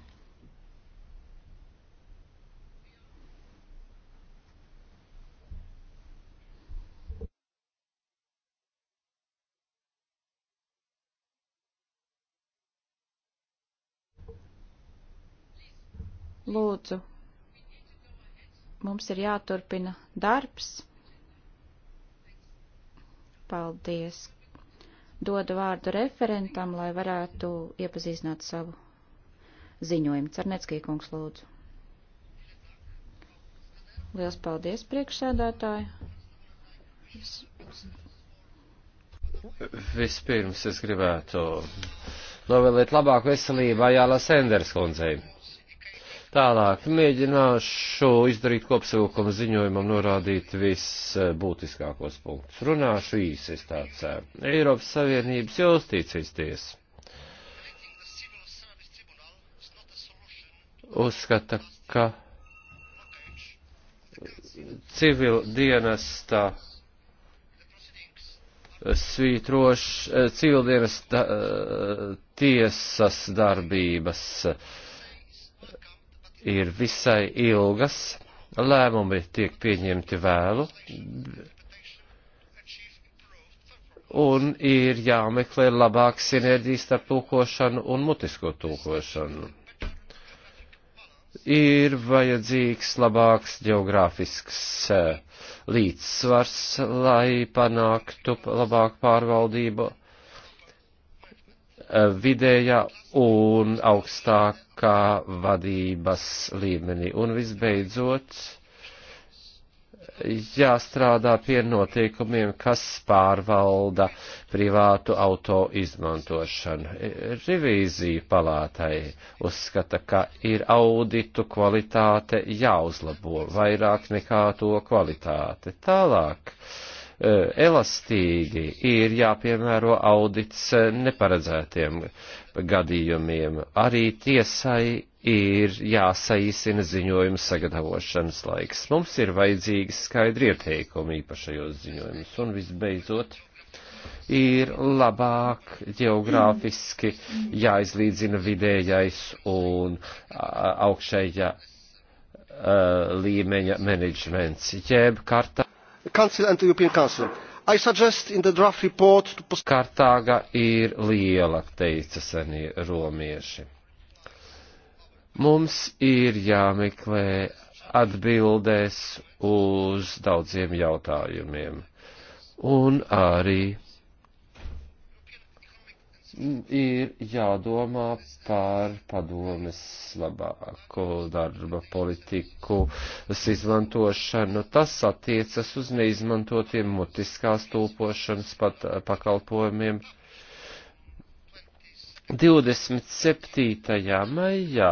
Lūdzu, mums ir jāturpina darbs. Paldies! Dodu vārdu referentam, lai varētu iepazīstināt savu ziņojumu. Cerneckī kungs lūdzu. Liels paldies, priekšsēdētāji! Vispirms es gribētu novēlēt labāku veselību Ajāla Senders kundzei. Tālāk mēģināšu izdarīt kopsavilkumu ziņojumam, norādīt visbūtiskākos punktus. Runāšu īsi tāds Eiropas Savienības justīcijas tiesa. Uzskata, ka civil dienesta svītrošs, civil dienesta eh, tiesas darbības uh, ir visai ilgas, lēmumi tiek pieņemti vēlu, un ir jāmeklē labāk sinerģija starp tūkošanu un mutisko tūkošanu. Ir vajadzīgs labāks geogrāfisks eh, līdzsvars, lai panāktu labāku pārvaldību eh, vidējā un augstāk kā vadības līmenī. Un visbeidzot, jāstrādā pie noteikumiem, kas pārvalda privātu auto izmantošanu. Revīzija palātai uzskata, ka ir auditu kvalitāte jāuzlabo vairāk nekā to kvalitāte. Tālāk E, elastīgi, ir jāpiemēro audits neparedzētiem gadījumiem. Arī tiesai ir jāsaīsina ziņojuma sagatavošanas laiks. Mums ir vajadzīgi skaidri ieteikumi īpašajos ziņojumus. Un visbeidzot, ir labāk geogrāfiski jāizlīdzina vidējais un augšējā līmeņa menedžments, jeb karta council and the european council. i suggest in the draft report to kartāga ir liela teica senie romieši mums ir jāmeklē atbildēs uz daudziem jautājumiem un arī ir jādomā par padomes labāku darba politiku izmantošanu. Tas attiecas uz neizmantotiem mutiskās tulpošanas pat, pakalpojumiem. 27. maijā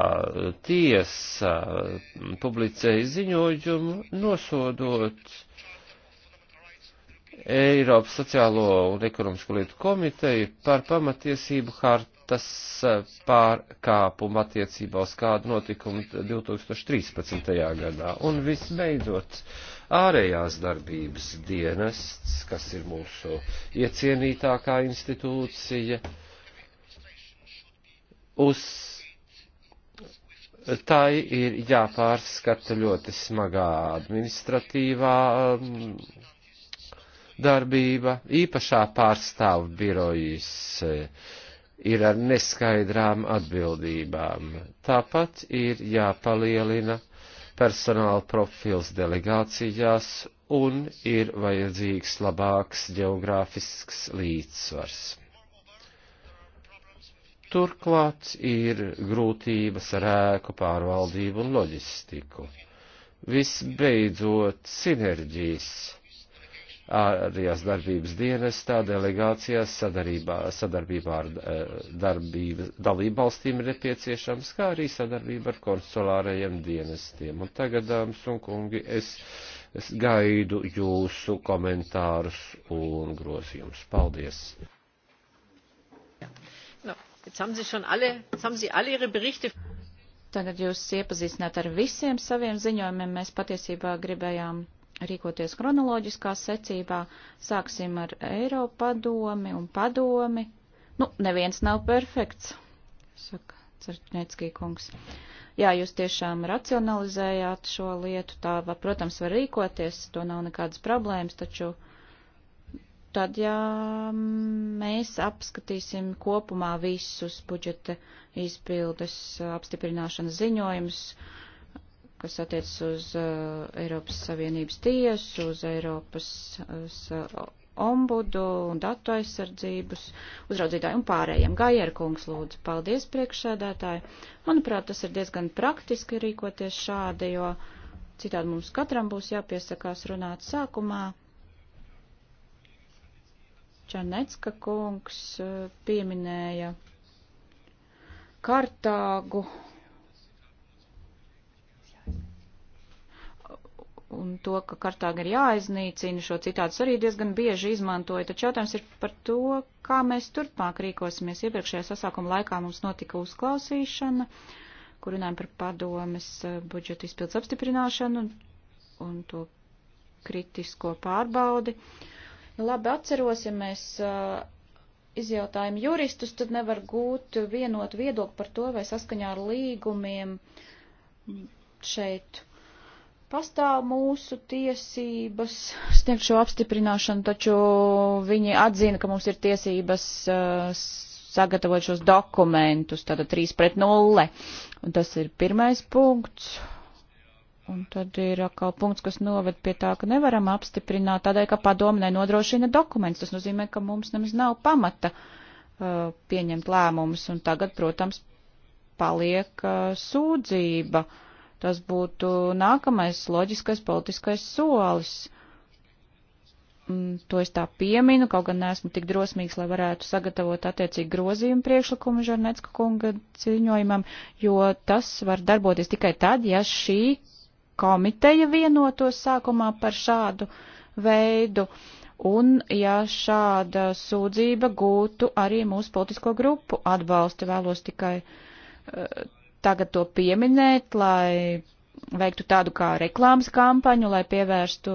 tiesa publicēja ziņojumu nosodot Eiropas sociālo un ekonomisko lietu komiteju par pamatiesību hartas eh, pārkāpumu attiecībā uz kādu notikumu 2013. gadā. Un visbeidzot, ārējās darbības dienests, kas ir mūsu iecienītākā institūcija, uz tai ir jāpārskata ļoti smagā administratīvā mm, darbība, īpašā pārstāvu birojas eh, ir ar neskaidrām atbildībām. Tāpat ir jāpalielina personāla profils delegācijās un ir vajadzīgs labāks geogrāfisks līdzsvars. Turklāt ir grūtības ar ēku pārvaldību un loģistiku. Visbeidzot, sinerģijas ārējās darbības dienestā, delegācijās, sadarbībā, sadarbībā ar eh, darbība, dalībvalstīm ir nepieciešams, kā arī sadarbība ar konsulārajiem dienestiem. Un tagad, dāmas un kungi, es, es gaidu jūsu komentārus un grozījumus. Paldies! No, alle, tagad jūs iepazīstināt ar visiem saviem ziņojumiem. Mēs patiesībā gribējām rīkoties kronoloģiskā secībā. Sāksim ar Eiropa padomi un padomi. Nu, neviens nav perfekts, saka Certņeckī kungs. Jā, jūs tiešām racionalizējāt šo lietu, tā, var, protams, var rīkoties, to nav nekādas problēmas, taču tad, ja mēs apskatīsim kopumā visus budžeta izpildes apstiprināšanas ziņojumus, uh, kas attiecas uz uh, Eiropas Savienības tiesu, uz Eiropas uz, uh, ombudu un datu aizsardzības uzraudzītāju un pārējiem. Gajer kungs lūdzu, paldies priekšsēdētāji. Manuprāt, tas ir diezgan praktiski rīkoties šādi, jo citādi mums katram būs jāpiesakās runāt sākumā. Čanecka kungs uh, pieminēja Kartāgu un to, ka Kartāga ir jāiznīcina, šo citātus arī diezgan bieži izmantoja, taču jautājums ir par to, kā mēs turpmāk rīkosimies. Iepriekšējā sasākuma laikā mums notika uzklausīšana, kur runājam par padomes eh, budžeta izpildes apstiprināšanu un to kritisko pārbaudi. Nu, labi atceros, ja mēs uh, izjautājam juristus, tad nevar gūt vienotu viedokli par to, vai saskaņā ar līgumiem šeit Pastāv mūsu tiesības sniegt šo apstiprināšanu, taču viņi atzina, ka mums ir tiesības uh, sagatavot šos dokumentus, tātad 3 pret 0. Un tas ir pirmais punkts. Un tad ir atkal punkts, kas noved pie tā, ka nevaram apstiprināt tādēļ, ka padome nenodrošina dokumentus. Tas nozīmē, ka mums nemaz nav pamata uh, pieņemt lēmumus. Un tagad, protams, paliek uh, sūdzība. Uh, Tas būtu nākamais loģiskais politiskais solis. Mm, to es tā pieminu, kaut gan neesmu tik drosmīgs, lai varētu sagatavot attiecīgi grozījumu priekšlikumu Žarnecka kunga ziņojumam, jo tas var darboties tikai tad, ja šī komiteja vienotos sākumā par šādu veidu un ja šāda sūdzība gūtu arī mūsu politisko grupu atbalstu. Vēlos tikai uh, tagad to pieminēt, lai veiktu tādu kā reklāmas kampaņu, lai pievērstu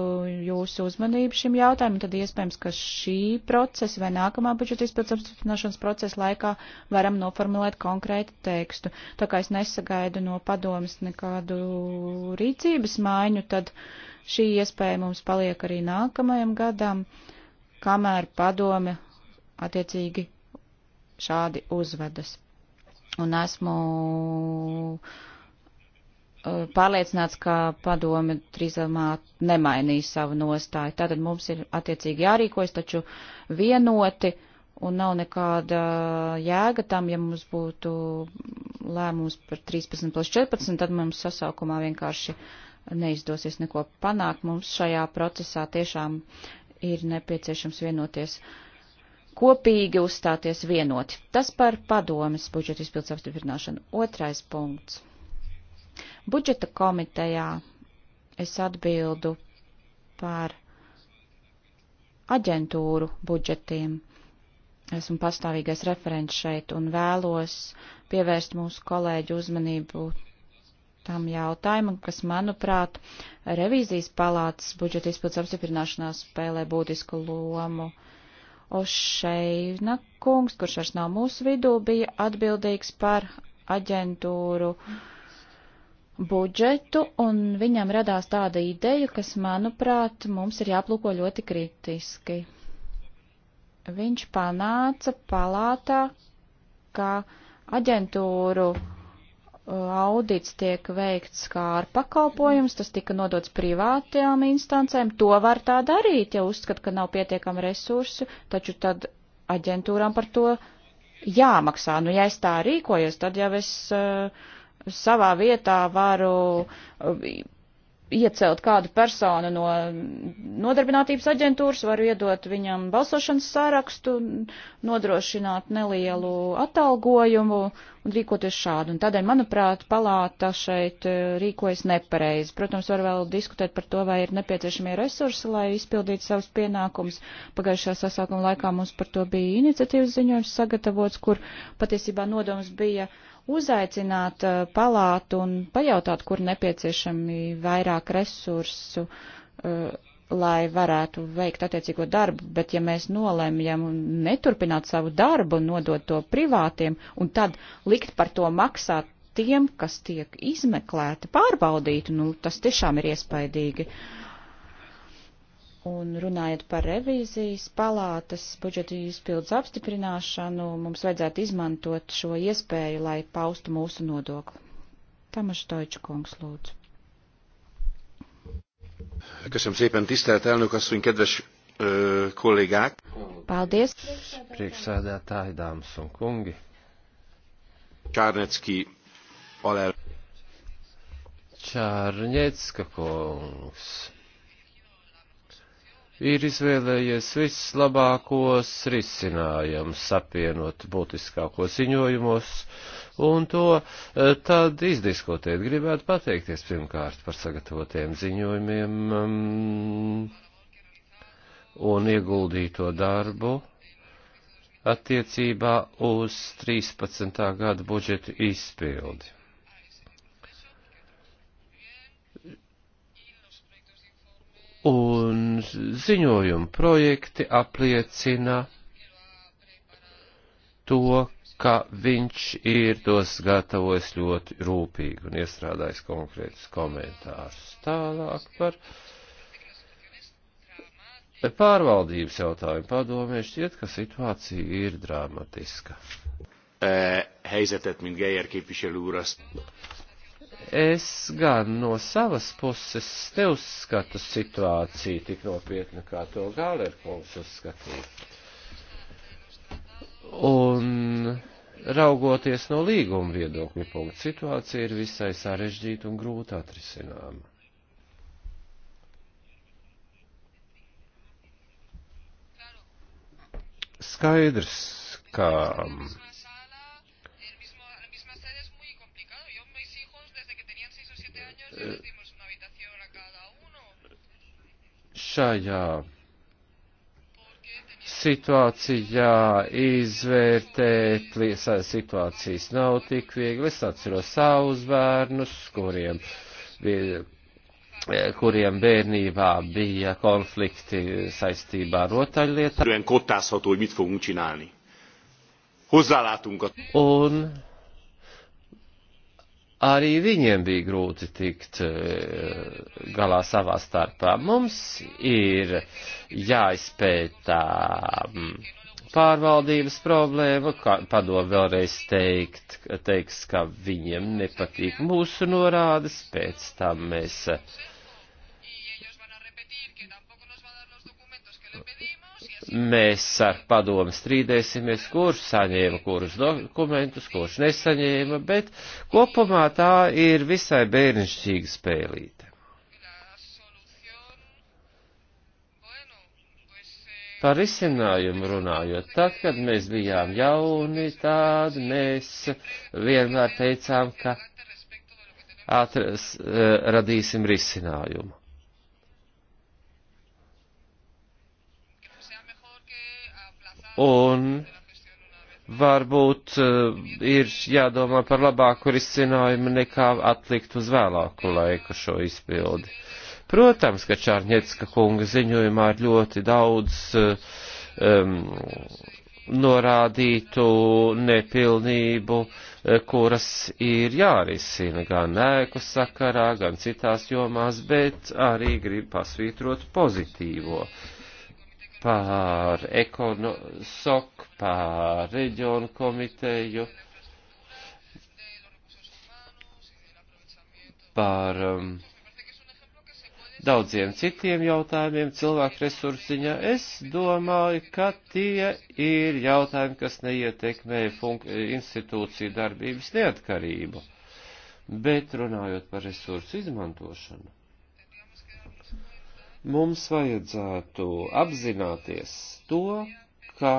jūsu uzmanību šim jautājumam, tad iespējams, ka šī procesa vai nākamā budžeta izpildsaprašanas procesa laikā varam noformulēt konkrētu tekstu. Tā kā es nesagaidu no padomas nekādu rīcības maiņu, tad šī iespēja mums paliek arī nākamajam gadam, kamēr padome attiecīgi šādi uzvedas. Un esmu e, pārliecināts, ka padome trīzumā nemainīs savu nostāju. Tātad mums ir attiecīgi jārīkojas, taču vienoti un nav nekāda jēga tam, ja mums būtu lēmums par 13 plus 14, tad mums sasaukumā vienkārši neizdosies neko panākt. Mums šajā procesā tiešām ir nepieciešams vienoties. Uh, kopīgi uzstāties vienoti. Tas par padomis budžeta izpildes apstiprināšanu. Otrais punkts. Budžeta komitejā es atbildu par aģentūru budžetiem. Esmu pastāvīgais referents šeit un vēlos pievērst mūsu kolēģu uzmanību tam jautājumam, kas, manuprāt, revīzijas palātas budžeta izpildes apstiprināšanā spēlē būtisku lomu. Uh, Ošeina kungs, kurš vairs nav mūsu vidū, bija atbildīgs par aģentūru budžetu, un viņam radās tāda ideja, kas, manuprāt, mums ir jāplūko ļoti kritiski. Viņš panāca palātā, ka aģentūru uh, Uh, audits tiek veikts kā ar pakalpojums, tas tika nodots privātajām instancēm. To var tā darīt, ja uzskata, ka nav pietiekami resursi, taču tad aģentūrām par to jāmaksā. Nu, ja es tā rīkojos, tad jau es uh, savā vietā varu uh, iecelt kādu personu no nodarbinātības aģentūras, varu iedot viņam balsošanas sārakstu, nodrošināt nelielu atalgojumu un rīkoties šādu. Un tādēļ, manuprāt, palāta šeit eh, rīkojas nepareizi. Protams, var vēl diskutēt par to, vai ir nepieciešamie resursi, lai izpildītu savus pienākumus. Pagājušajā sasākuma laikā mums par to bija iniciatīvas ziņojums sagatavots, kur patiesībā nodoms bija uh, uzaicināt uh, palātu un pajautāt, kur nepieciešami vairāk resursu, uh, lai varētu veikt attiecīgo darbu, bet ja mēs nolēmjam neturpināt savu darbu, nodot to privātiem un tad likt par to maksāt tiem, kas tiek izmeklēti, pārbaudīti, nu tas tiešām ir iespaidīgi. Uh, Un runājot par revīzijas palātas budžeta izpildus apstiprināšanu, mums vajadzētu izmantot šo iespēju, lai paustu mūsu nodokli. Tamas Toiča kungs lūdzu. Köszönöm szépen, tisztelt elnök asszony, kedves ö, kollégák! Paldies! Priekšsēdētāji, dāmas un kungi! Čārnecki alel. Čārņecka kungs ir izvēlējies vislabākos risinājumus, apvienot būtiskāko ziņojumos un to eh, tad izdiskutēt. Gribētu pateikties pirmkārt par sagatavotiem ziņojumiem um, un ieguldīto darbu attiecībā uz 13. gada budžetu izpildi. un ziņojuma projekti apliecina to, ka viņš ir tos gatavojis ļoti rūpīgi un iestrādājis konkrētus komentārus. Tālāk par pārvaldības jautājumu padomē šķiet, ka situācija ir dramatiska. Eh, helyzetet, mint Geyer képviselő úr, azt Es gan no savas puses neuzskatu situāciju tik nopietni, kā to Gālērkungs uzskatīja. Un raugoties no līguma viedokļa punkta, situācija ir visai sarežģīta un grūti atrisināma. Skaidrs, ka šajā situācijā izvērtēt situācijas nav tik viegli. Es atceros savus bērnus, kuriem, bija, kuriem bērnībā bija konflikti saistībā ar rotaļlietām. Un arī viņiem bija grūti tikt e, galā savā starpā. Mums ir jāizpētā mm, pārvaldības problēma, padomu vēlreiz teikt, teiks, ka viņiem nepatīk mūsu norādes, pēc tam mēs uh, mēs ar padomu strīdēsimies, kurš saņēma kurus dokumentus, kurš nesaņēma, bet kopumā tā ir visai bērnišķīga spēlīte. Par izcinājumu runājot, tad, kad mēs bijām jauni, tad mēs vienmēr teicām, ka atras, eh, radīsim risinājumu. un varbūt eh, ir jādomā par labāku risinājumu nekā atlikt uz vēlāku laiku šo izpildi. Protams, ka Čārņecka kunga ziņojumā ir ļoti daudz um, norādītu nepilnību, eh, kuras ir jārisina gan ēku sakarā, gan citās jomās, bet arī grib pasvītrot pozitīvo par ekonosok, par reģionu komiteju, par um, daudziem citiem jautājumiem cilvēku resursiņā. Es domāju, ka tie ir jautājumi, kas neietekmē institūciju darbības neatkarību. Bet runājot par resursu izmantošanu. Mums vajadzētu apzināties to, kā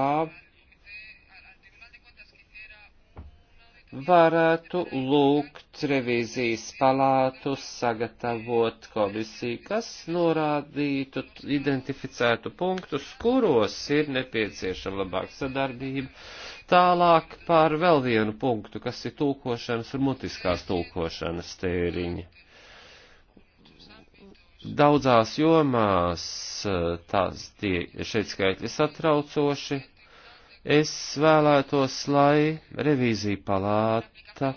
varētu lūgt revīzijas palātu sagatavot komisiju, kas norādītu, identificētu punktus, kuros ir nepieciešama labāka sadarbība. Tālāk par vēl vienu punktu, kas ir tulkošanas un mutiskās tulkošanas tēriņi. Daudzās jomās eh, tās tie šeit skaitļi satraucoši. Es vēlētos, lai revīzija palāta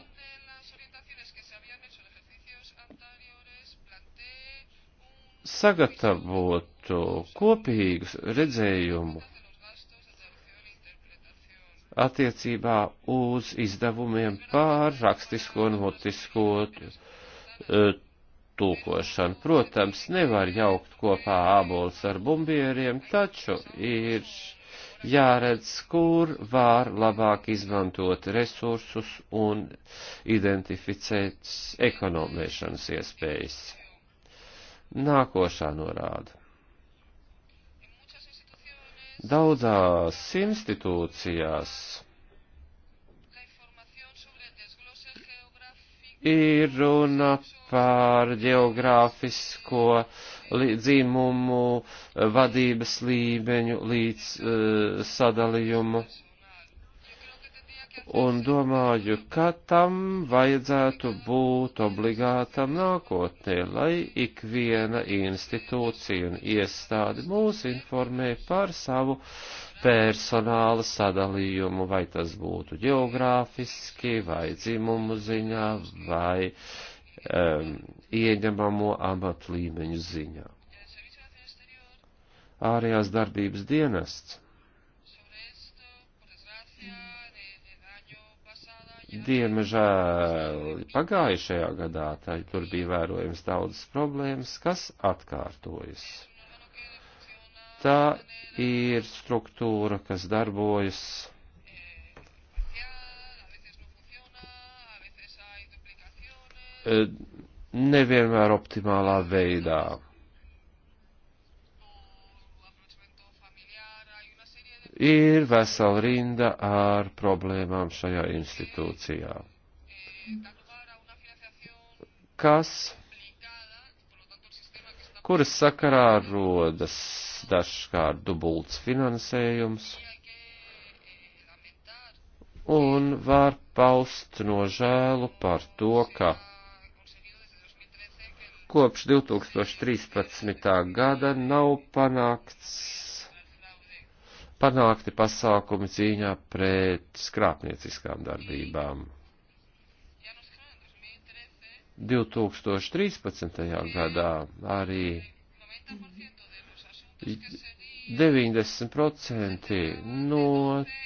sagatavotu kopīgu redzējumu attiecībā uz izdevumiem pār rakstisko un hotisko eh, tulkošanu. Protams, nevar jaukt kopā ābolus ar bumbieriem, taču ir jāredz, kur var labāk izmantot resursus un identificēt ekonomēšanas iespējas. Nākošā norāda. Daudzās institūcijās ir runa par geogrāfisko dzīmumu eh, vadības līmeņu līdz uh, sadalījumu un domāju, ka tam vajadzētu būt obligātam nākotnē, lai ikviena institūcija un iestāde mūs informē par savu personāla sadalījumu, vai tas būtu geogrāfiski, vai dzimumu ziņā, vai um, ieņemamo amatu līmeņu ziņā. Ārējās darbības dienests Diemžēl pagājušajā gadā tā, tur bija vērojams daudzas problēmas, kas atkārtojas. Tā ir struktūra, kas darbojas. Nevienmēr optimālā veidā. ir vesela rinda ar problēmām šajā institūcijā. Kas, kuras sakarā rodas dažkārt dubults finansējums un var paust nožēlu par to, ka kopš 2013. gada nav panākts panākti pasākumi cīņā pret skrāpnieciskām darbībām. 2013. gadā arī 90% no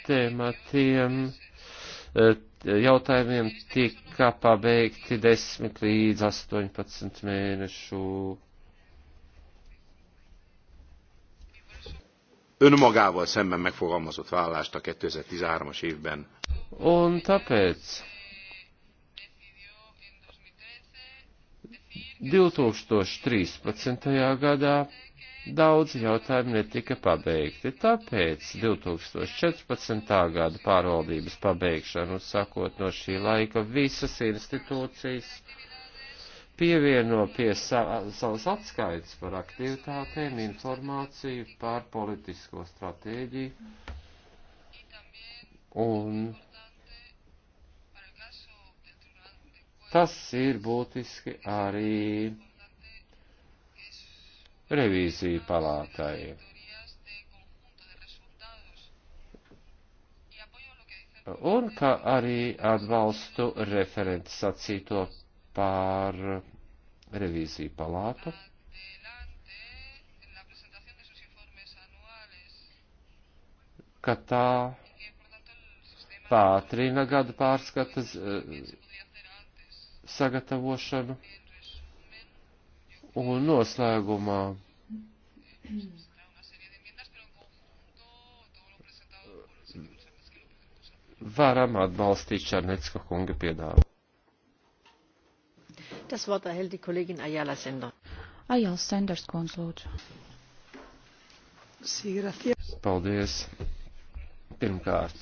tematiem eh, jautājumiem tika pabeigti 10 līdz 18 mēnešu önmagával szemben megfogalmazott vállalást a 2013-as évben. Un tāpēc 2013. gadā daudz jautājumu netika pabeigti, tāpēc 2014. gada pārvaldības pabeigšanu, sakot no šī laika, visas institūcijas pievieno pie sa savas atskaites par aktivitātēm, informāciju par politisko stratēģiju un tas ir būtiski arī revīziju palātai. Un kā arī atbalstu referents sacīto par revīziju palātu. ka tā pātrina gada pārskatas eh, sagatavošanu un noslēgumā varam atbalstīt Čarnecka kunga piedāvājumu. Das Wort erhält die Kollegin Ayala Sender. Ayala Senders, kundz, lūdzu. Paldies. Pirmkārt,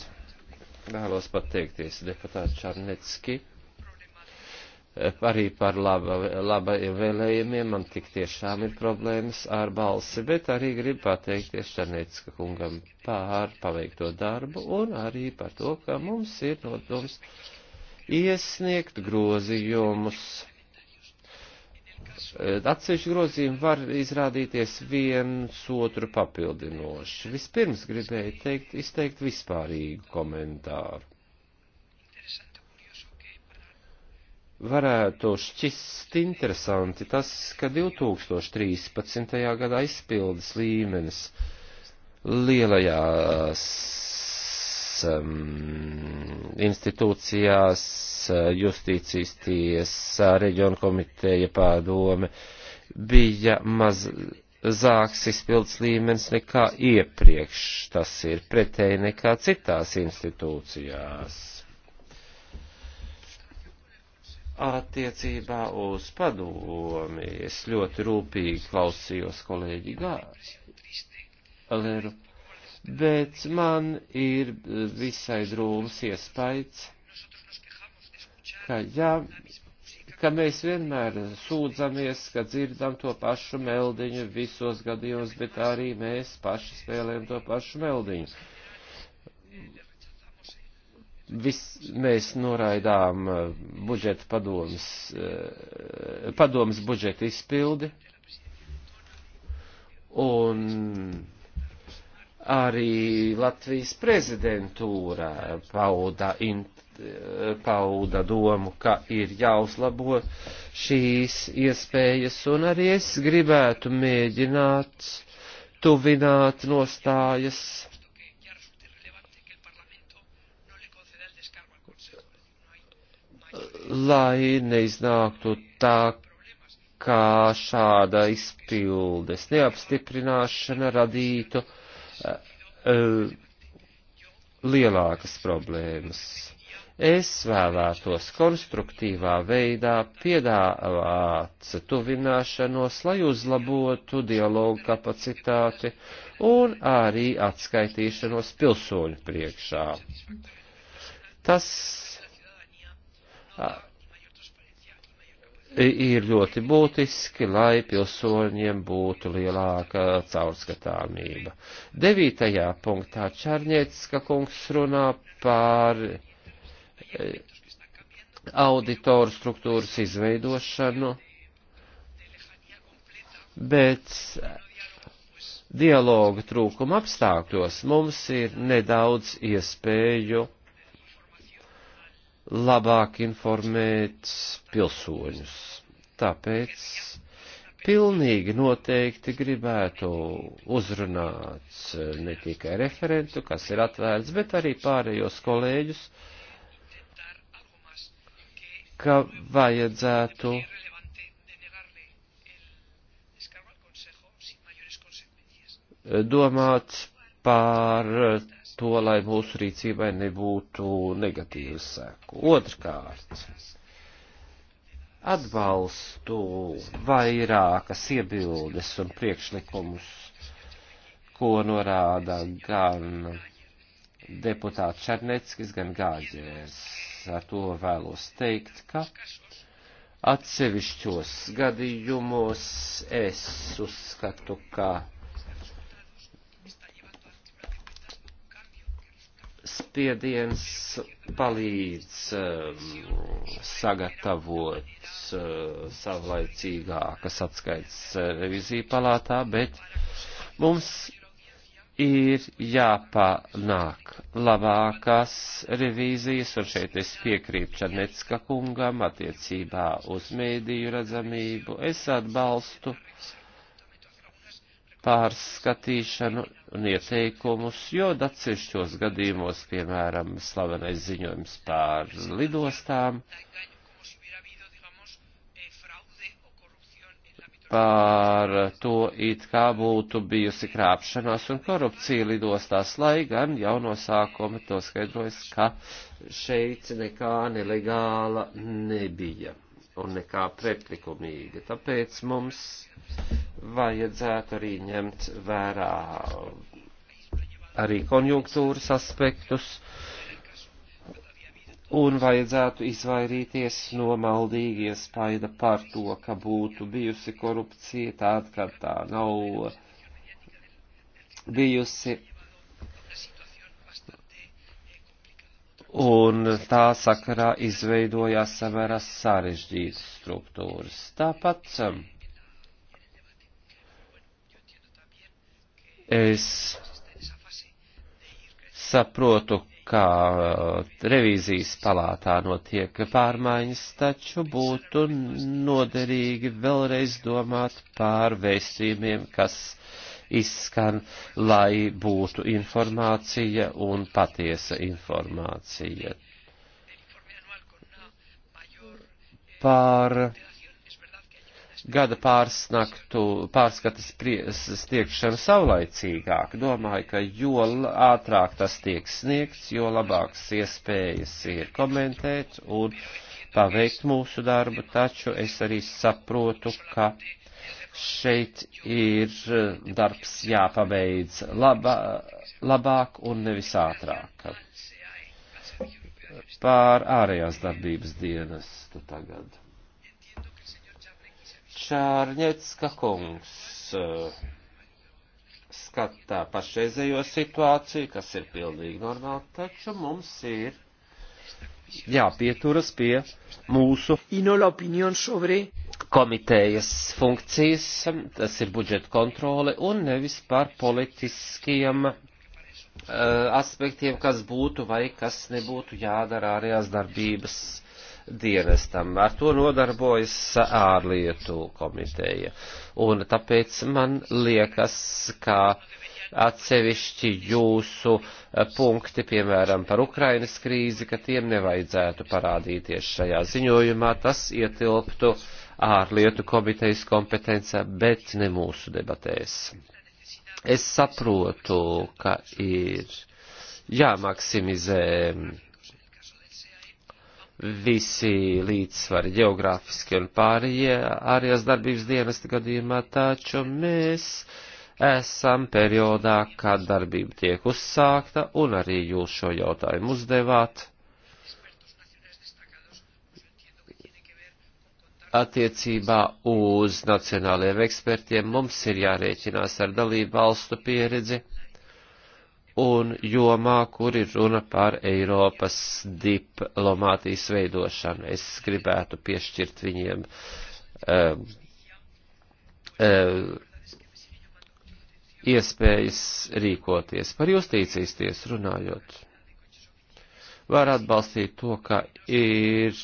vēlos pateikties deputātu Čarnecki eh, arī par laba, laba vēlējumiem. Man tik tiešām ir problēmas ar balsi, bet arī gribu pateikties Čarnecka kungam pār paveikto darbu un arī par to, ka mums ir nodoms iesniegt grozījumus Atsevišķi grozījumi var izrādīties viens otru papildinoši. Vispirms gribēju teikt, izteikt vispārīgu komentāru. Varētu šķist interesanti tas, ka 2013. gadā izpildes līmenis lielajās um, institūcijās justīcijas tiesa, reģionu komiteja pārdome bija maz zāks izpildes līmenis nekā iepriekš. Tas ir pretēji nekā citās institūcijās. Attiecībā uz padomi es ļoti rūpīgi klausījos kolēģi Gāleru, bet man ir visai drūms iespējas ka, ja, ka mēs vienmēr sūdzamies, ka dzirdam to pašu meldiņu visos gadījumos, bet arī mēs paši spēlējam to pašu meldiņu. Vis, mēs noraidām uh, budžeta padomas, uh, padomas budžeta izpildi, un arī Latvijas prezidentūra pauda int pauda domu, ka ir jāuzlabo šīs iespējas, un arī es gribētu mēģināt tuvināt nostājas. Lai neiznāktu tā, kā šāda izpildes neapstiprināšana radītu uh, uh, lielākas problēmas. Es vēlētos konstruktīvā veidā piedāvāt tuvināšanos, lai uzlabotu dialogu kapacitāti un arī atskaitīšanos pilsoņu priekšā. Tas ir ļoti būtiski, lai pilsoņiem būtu lielāka caurskatāmība. Devītajā punktā Čarņēcka kungs runā par Eh, auditoru struktūras izveidošanu, bet dialoga trūkuma apstākļos mums ir nedaudz iespēju labāk informēt pilsoņus. Tāpēc pilnīgi noteikti gribētu uzrunāt eh, ne tikai referentu, kas ir atvērts, bet arī pārējos kolēģus, uh, ka vajadzētu domāt par to, lai mūsu rīcībai nebūtu negatīvas sēku. Otrkārt, atbalstu vairākas iebildes un priekšlikumus, ko norāda gan deputāts Černeckis, gan Gāģērs ar to vēlos teikt, ka atsevišķos gadījumos es uzskatu, ka spiediens palīdz um, sagatavot uh, savlaicīgākas atskaites uh, reviziju palātā, bet mums ir jāpanāk labākās revīzijas, un šeit es piekrītu Čanecka kungam attiecībā uz mēdīju redzamību. Es atbalstu pārskatīšanu un ieteikumus, jo atsevišķos gadījumos, piemēram, slavenais ziņojums pār lidostām, uh, par to it kā būtu bijusi krāpšanās un korupcija lidostās, lai gan jau no sākuma to skaidrojas, ka šeit nekā nelegāla nebija un nekā pretlikumīga. Tāpēc mums vajadzētu arī ņemt vērā arī konjunktūras aspektus un vajadzētu izvairīties no maldīga iespaida par to, ka būtu bijusi korupcija tād, kad tā nav bijusi. Un tā sakarā izveidojās samērā sarežģītas struktūras. Tāpat um, es saprotu, kā eh, revīzijas palātā notiek pārmaiņas, taču būtu noderīgi vēlreiz domāt pār vēstījumiem, kas izskan, lai būtu informācija un patiesa informācija. Par gada pārsnaktu pārskatas sniegšanu saulaicīgāk. Domāju, ka jo ātrāk tas tiek sniegts, jo labāks iespējas ir komentēt un paveikt mūsu darbu, taču es arī saprotu, ka šeit ir eh, darbs jāpabeidz labā, labāk un nevis ātrāk. Pār ārējās darbības dienas tagad. Čārņecka kungs eh, skatā pašreizējo situāciju, kas ir pilnīgi normāli, taču mums ir jāpieturas pie mūsu komitejas funkcijas, tas ir budžeta kontrole, un nevis par politiskiem uh, aspektiem, kas būtu vai kas nebūtu jādara ārējās darbības dienestam. Ar to nodarbojas ārlietu komiteja. Un tāpēc man liekas, ka atsevišķi jūsu punkti, piemēram, par Ukrainas krīzi, ka tiem nevajadzētu parādīties šajā ziņojumā. Tas ietilptu ārlietu komitejas kompetencē, bet ne mūsu debatēs. Es saprotu, ka ir jāmaksimizē visi līdzsvari geogrāfiski un pārējie ārējās darbības dienesta gadījumā, taču mēs esam periodā, kad darbība tiek uzsākta, un arī jūs šo jautājumu uzdevāt. Attiecībā uz nacionāliem ekspertiem mums ir jārēķinās ar dalību valstu pieredzi un jomā, kur ir runa par Eiropas diplomātijas veidošanu. Es gribētu piešķirt viņiem um, um, iespējas rīkoties. Par justīcijas tiesu runājot, var atbalstīt to, ka ir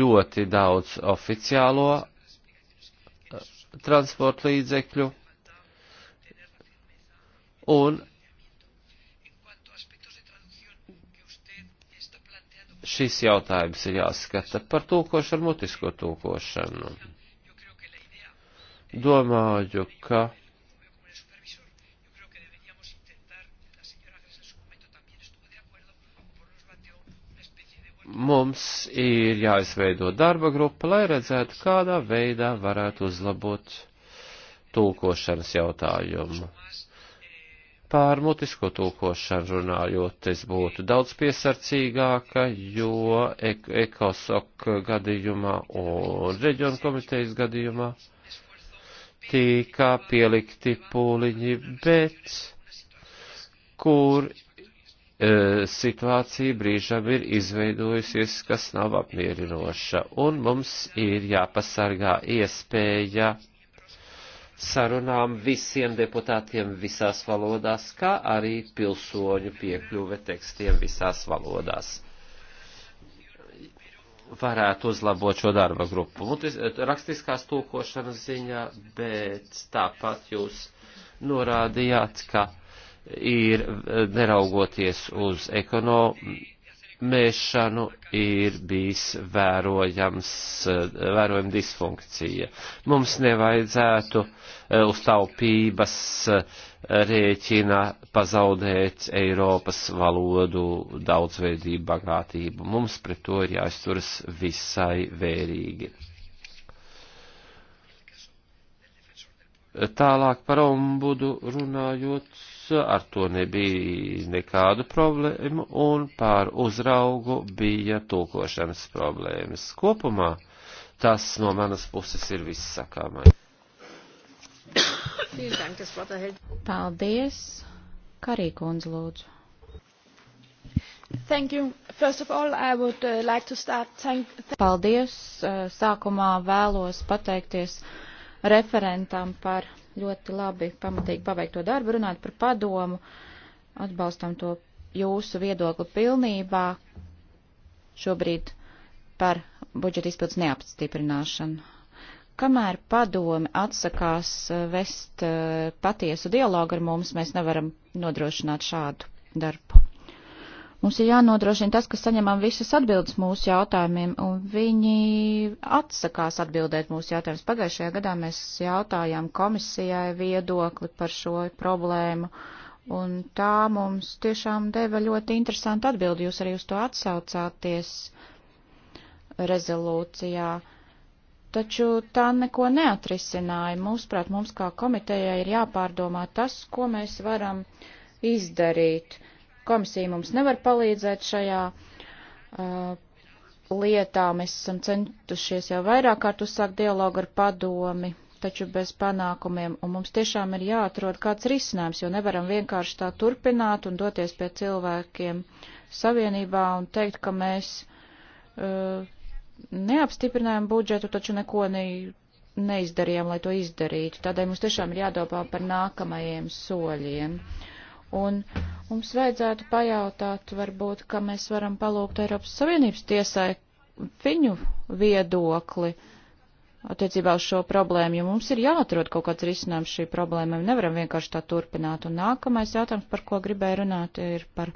ļoti daudz oficiālo uh, transporta līdzekļu, un šis jautājums ir jāskata par tūkošanu, mutisko tūkošanu. Domāju, ka. Mums ir jāizveido darba grupa, lai redzētu, kādā veidā varētu uzlabot tulkošanas jautājumu. Pār mutisko tulkošanu runājot, es būtu daudz piesarcīgāka, jo ekosok gadījumā un reģionu komitejas gadījumā tika pielikti pūliņi, bet kur e, situācija brīžam ir izveidojusies, kas nav apmierinoša, un mums ir jāpasargā iespēja sarunām visiem deputātiem visās valodās, kā arī pilsoņu piekļuve tekstiem visās valodās. Varētu uzlabot šo darba grupu. Mutis, rakstiskās tūkošanas ziņā, bet tāpat jūs norādījāt, ka ir neraugoties uz ekonomiku mēšanu ir bijis vērojams, eh, vērojama disfunkcija. Mums nevajadzētu eh, uz taupības eh, rēķina pazaudēt Eiropas valodu daudzveidību bagātību. Mums pret to ir jāizturas visai vērīgi. Tālāk par ombudu runājot ar to nebija nekādu problēmu, un pār uzraugu bija tulkošanas problēmas. Kopumā tas no manas puses ir viss sakāmais. Paldies! Karī kundze lūdzu. Thank you. First of all, I would uh, like to start thank... Paldies! Uh, sākumā vēlos pateikties referentam par ļoti labi, pamatīgi paveikto darbu, runāt par padomu, atbalstam to jūsu viedokli pilnībā šobrīd par budžeta izpildes neapstiprināšanu. Kamēr padomi atsakās eh, vest eh, patiesu dialogu ar mums, mēs nevaram nodrošināt šādu darbu. Mums ir jānodrošina tas, ka saņemam visas atbildes mūsu jautājumiem, un viņi atsakās atbildēt mūsu jautājumus. Pagājušajā gadā mēs jautājām komisijai viedokli par šo problēmu, un tā mums tiešām deva ļoti interesantu atbildi. Jūs arī uz to atsaucāties rezolūcijā. Taču tā neko neatrisināja. Mūsuprāt, mums kā komitejai ir jāpārdomā tas, ko mēs varam izdarīt Komisija mums nevar palīdzēt šajā uh, lietā. Mēs esam centušies jau vairāk kārt uzsākt dialogu ar padomi, taču bez panākumiem, un mums tiešām ir jāatrod kāds risinājums, jo nevaram vienkārši tā turpināt un doties pie cilvēkiem savienībā un teikt, ka mēs uh, neapstiprinājām budžetu, taču neko ne, neizdarījām, lai to izdarītu. Tādēļ mums tiešām ir jādomā par nākamajiem soļiem. Uh, Un mums vajadzētu pajautāt, varbūt, ka mēs varam palūgt Eiropas Savienības tiesai viņu viedokli attiecībā uz šo problēmu, jo mums ir jāatrod kaut kāds risinājums šī problēma. Mēs nevaram vienkārši tā turpināt. Un nākamais jautājums, par ko gribēju runāt, ir par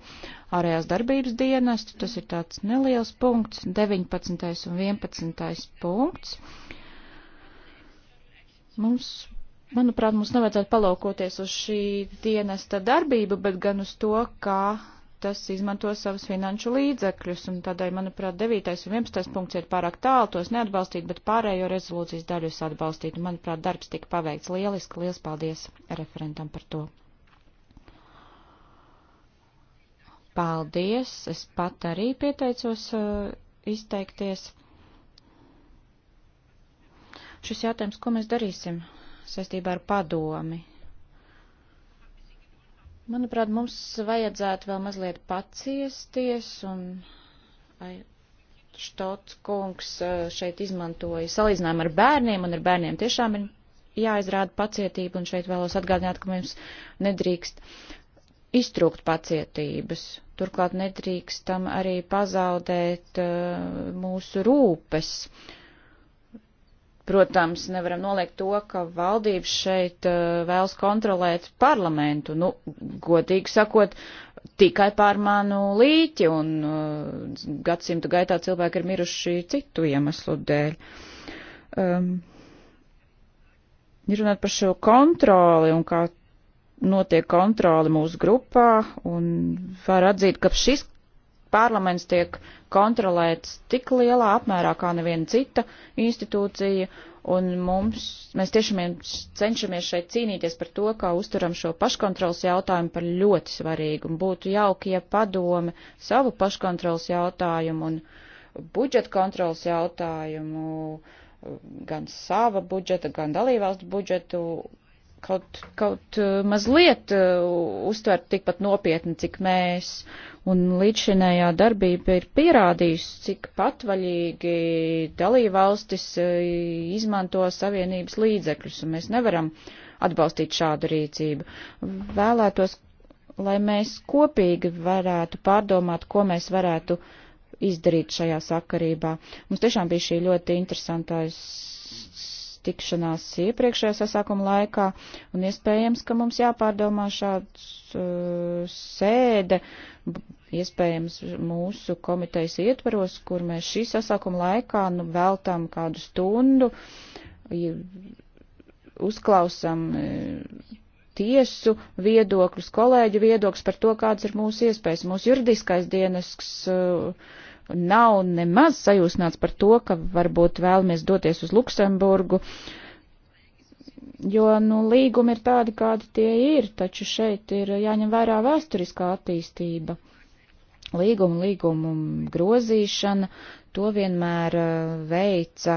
ārējās darbības dienestu. Tas ir tāds neliels punkts, 19. un 11. punkts. Mums Manuprāt, mums nevajadzētu palaukoties uz šī dienesta darbību, bet gan uz to, kā tas izmanto savus finanšu līdzekļus, un tādēļ, manuprāt, 9. un 11. punkts ir pārāk tālu, tos neatbalstīt, bet pārējo rezolūcijas daļus atbalstīt, un, manuprāt, darbs tika paveikts lieliski, liels paldies referentam par to. Paldies, es pat arī pieteicos uh, izteikties. Šis jautājums, ko mēs darīsim saistībā ar padomi. Manuprāt, mums vajadzētu vēl mazliet paciesties, un Štots kungs šeit izmantoja salīdzinājumu ar bērniem, un ar bērniem tiešām ir jāizrāda pacietība, un šeit vēlos atgādināt, ka mums nedrīkst iztrūkt pacietības. Turklāt nedrīkstam arī pazaudēt uh, mūsu rūpes. Uh, Protams, nevaram noliegt to, ka valdības šeit eh, vēlas kontrolēt parlamentu. Nu, godīgi sakot, tikai pār manu līķi, un uh, gadsimtu gaitā cilvēki ir miruši citu iemeslu dēļ. Um, ja runāt par šo kontroli un kā notiek kontroli mūsu grupā, un var atzīt, ka šis parlaments tiek kontrolēts tik lielā apmērā kā neviena cita institūcija, un mums, mēs tiešām cenšamies šeit cīnīties par to, kā uzturam šo paškontrols jautājumu par ļoti svarīgu, un būtu jauki, ja padome savu paškontrols jautājumu un budžeta kontrols jautājumu, gan sava budžeta, gan dalībvalstu budžetu kaut, kaut eh, mazliet eh, uztvert tikpat nopietni, cik mēs. Un līdzšinējā darbība ir pierādījusi, cik patvaļīgi dalībvalstis e, izmanto savienības līdzekļus, un mēs nevaram atbalstīt šādu rīcību. Vēlētos, lai mēs kopīgi varētu pārdomāt, ko mēs varētu izdarīt šajā sakarībā. Mums tiešām bija šī ļoti interesantā tikšanās iepriekšējā sasākuma laikā, un iespējams, ka mums jāpārdomā šāds uh, sēde iespējams mūsu komitejas ietvaros, kur mēs šī sasākuma laikā nu, veltam kādu stundu, uzklausam e, tiesu viedokļus, kolēģu viedokļus par to, kādas ir mūsu iespējas. Mūsu juridiskais dienesks e, nav nemaz sajūsmāts par to, ka varbūt vēlamies doties uz Luksemburgu, jo nu, līgumi ir tādi, kādi tie ir, taču šeit ir jāņem vērā vēsturiskā attīstība. Līguma, līguma grozīšana, to vienmēr eh, veica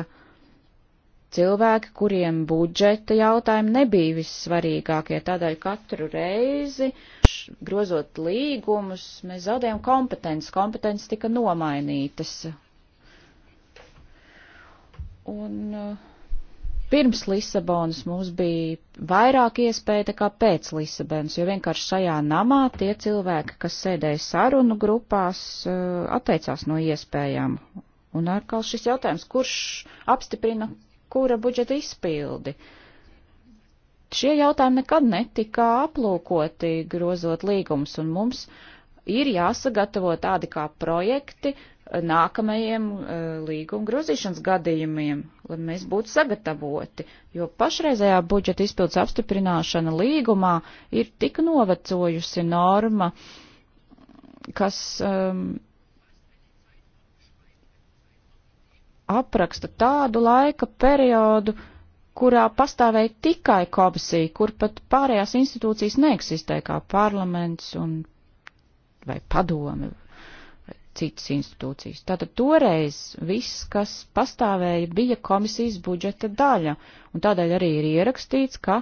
cilvēki, kuriem budžeta jautājumi nebija vissvarīgākie. Tādēļ katru reizi, grozot līgumus, mēs zaudējam kompetences. Kompetences tika nomainītas. Un uh, Pirms Lisabonas mums bija vairāk iespēja nekā pēc Lisabonas, jo vienkārši šajā namā tie cilvēki, kas sēdēja sarunu grupās, eh, atteicās no iespējām. Un atkal šis jautājums, kurš apstiprina kura budžeta izpildi? Šie jautājumi nekad netika aplūkoti grozot līgumus, un mums ir jāsagatavo tādi kā projekti, nākamajiem eh, līguma grozīšanas gadījumiem, lai mēs būtu sagatavoti, jo pašreizējā budžeta izpildes apstiprināšana līgumā ir tik novecojusi norma, kas um, apraksta tādu laika periodu, kurā pastāvēja tikai komisija, kur pat pārējās institūcijas neeksistē, kā parlaments un vai padome citas institūcijas. Tātad toreiz viss, kas pastāvēja, bija komisijas budžeta daļa, un tādēļ arī ir ierakstīts, ka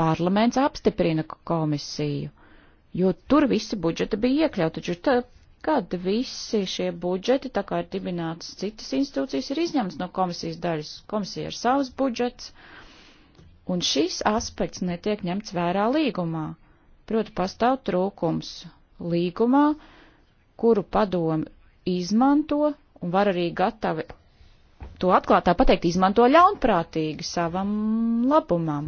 parlaments apstiprina komisiju, jo tur visi budžeti bija iekļauti, taču kad visi šie budžeti, tā kā ir dibinātas citas institūcijas, ir izņemts no komisijas daļas. Komisija ir savs budžets, un šis aspekts netiek ņemts vērā līgumā. Proti, pastāv trūkums līgumā, uh, kuru padomu izmanto un var arī gatavi to atklātā pateikt, izmanto ļaunprātīgi savam labumam.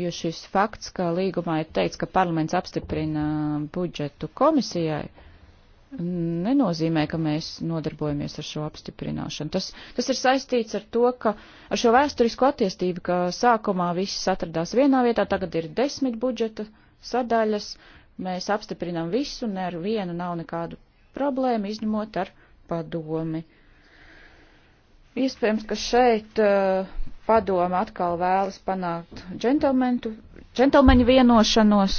Jo šis fakts, ka līgumā ir teikts, ka parlaments apstiprina budžetu komisijai, nenozīmē, ka mēs nodarbojamies ar šo apstiprināšanu. Tas, tas ir saistīts ar to, ka ar šo vēsturisko attīstību, ka sākumā viss atradās vienā vietā, tagad ir desmit budžeta sadaļas, Mēs apstiprinām visu, ne ar vienu nav nekādu problēmu, izņemot ar padomi. Iespējams, ka šeit uh, padoma atkal vēlas panākt džentlmeņu vienošanos.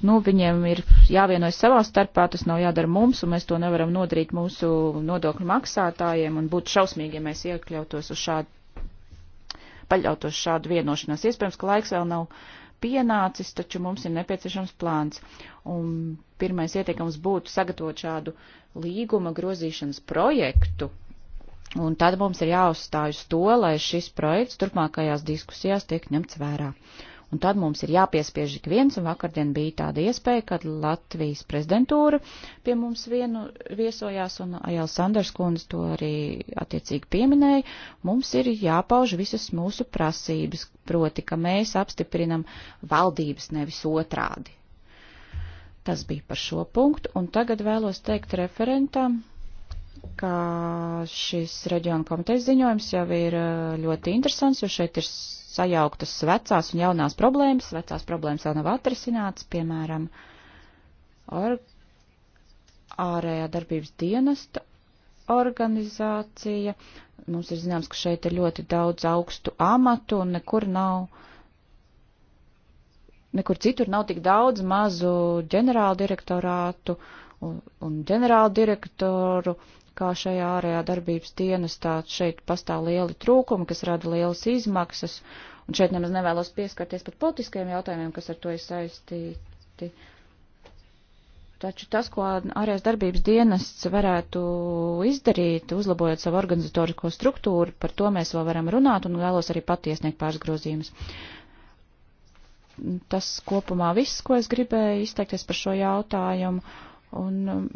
Nu, viņiem ir jāvienojas savā starpā, tas nav jādara mums, un mēs to nevaram nodarīt mūsu nodokļu maksātājiem, un būtu šausmīgi, ja mēs iekļautos uz šādu, paļautos šādu vienošanos. Iespējams, ka laiks vēl nav uh, pienācis, taču mums ir nepieciešams plāns. Un pirmais ieteikums būtu sagatavot šādu līguma grozīšanas projektu. Un tad mums ir jāuzstāj uz to, lai šis projekts turpmākajās diskusijās tiek ņemts vērā. Uh, Un tad mums ir jāpiespiež ik viens, un vakardien bija tāda iespēja, kad Latvijas prezidentūra pie mums vienu viesojās, un Ajāls Sanders kundze to arī attiecīgi pieminēja, mums ir jāpauž visas mūsu prasības, proti, ka mēs apstiprinam valdības nevis otrādi. Tas bija par šo punktu, un tagad vēlos teikt referentam, ka šis reģiona komitejas ziņojums jau ir eh, ļoti interesants, jo šeit ir sajauktas vecās un jaunās problēmas, vecās problēmas vēl nav atrisinātas, piemēram, or, ārējā darbības dienesta organizācija. Mums ir zināms, ka šeit ir ļoti daudz augstu amatu un nekur nav, nekur citur nav tik daudz mazu ģenerāldirektorātu un, un ģenerāldirektoru kā šajā ārējā darbības dienestā šeit pastāv lieli trūkumi, kas rada lielas izmaksas, un šeit nemaz nevēlos pieskarties pat politiskajiem jautājumiem, kas ar to ir saistīti. Taču tas, ko ārējās darbības dienests varētu izdarīt, uzlabojot savu organizatorisko struktūru, par to mēs vēl varam runāt un vēlos arī patiesniegt pāris grozījumus. Tas kopumā viss, ko es gribēju izteikties par šo jautājumu. Un um,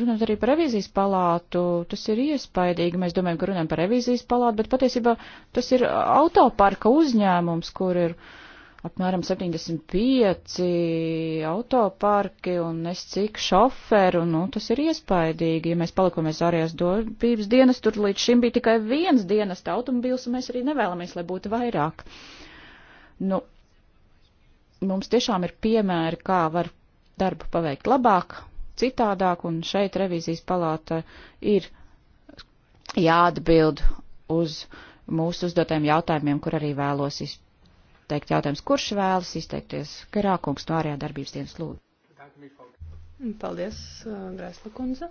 runāt arī par revīzijas palātu, tas ir iespaidīgi. Mēs domājam, ka runājam par revīzijas palātu, bet patiesībā tas ir autoparka uzņēmums, kur ir apmēram 75 autoparki un es cik šoferu, nu tas ir iespaidīgi. Ja mēs palikomies ārējās darbības dienas, tur līdz šim bija tikai viens dienas automobils, un mēs arī nevēlamies, lai būtu vairāk. Nu, mums tiešām ir piemēri, kā var darbu paveikt labāk, citādāk, un šeit revīzijas palāta ir jāatbild uz mūsu uzdotiem jautājumiem, kur arī vēlos izteikt jautājums, kurš vēlas izteikties, ka rākungs no ārējā darbības dienas lūdzu. Paldies, uh, Grēsla kundze.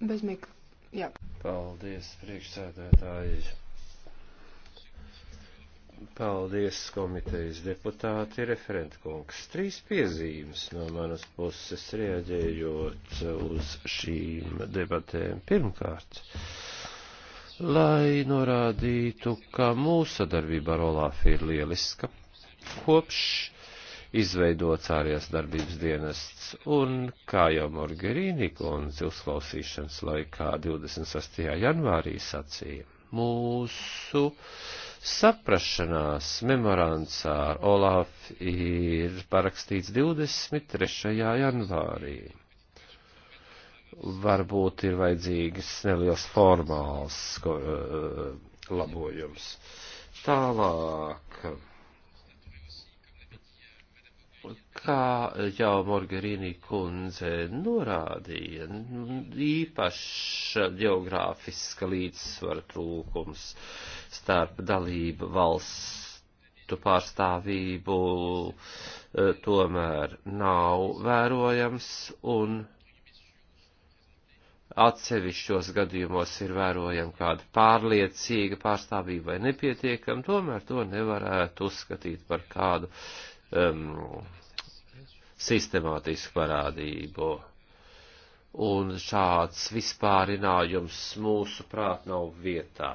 Bezmika, jā. Paldies, priekšsēdētāji. Paldies, komitejas deputāti, referentkungs. Trīs piezīmes no manas puses rieģējot uz šīm debatēm. Pirmkārt, lai norādītu, ka mūsu sadarbība ar Olāfu ir lieliska. Kopš izveidots ārējās darbības dienests, un, kā jau Morgerīni kundze uzklausīšanas laikā 26. janvārī sacīja, mūsu saprašanās memorands ar Olaf ir parakstīts 23. janvārī. Varbūt ir vajadzīgs neliels formāls eh, labojums. Tālāk kā jau Morgarīnī kundze norādīja, nu, īpašs geogrāfiska līdzsvara trūkums starp dalību valstu pārstāvību e, tomēr nav vērojams un atsevišķos gadījumos ir vērojama kāda pārliecīga pārstāvība vai nepietiekama, tomēr to nevarētu uzskatīt par kādu um, sistemātisku parādību. Un šāds vispārinājums mūsu prāt nav vietā.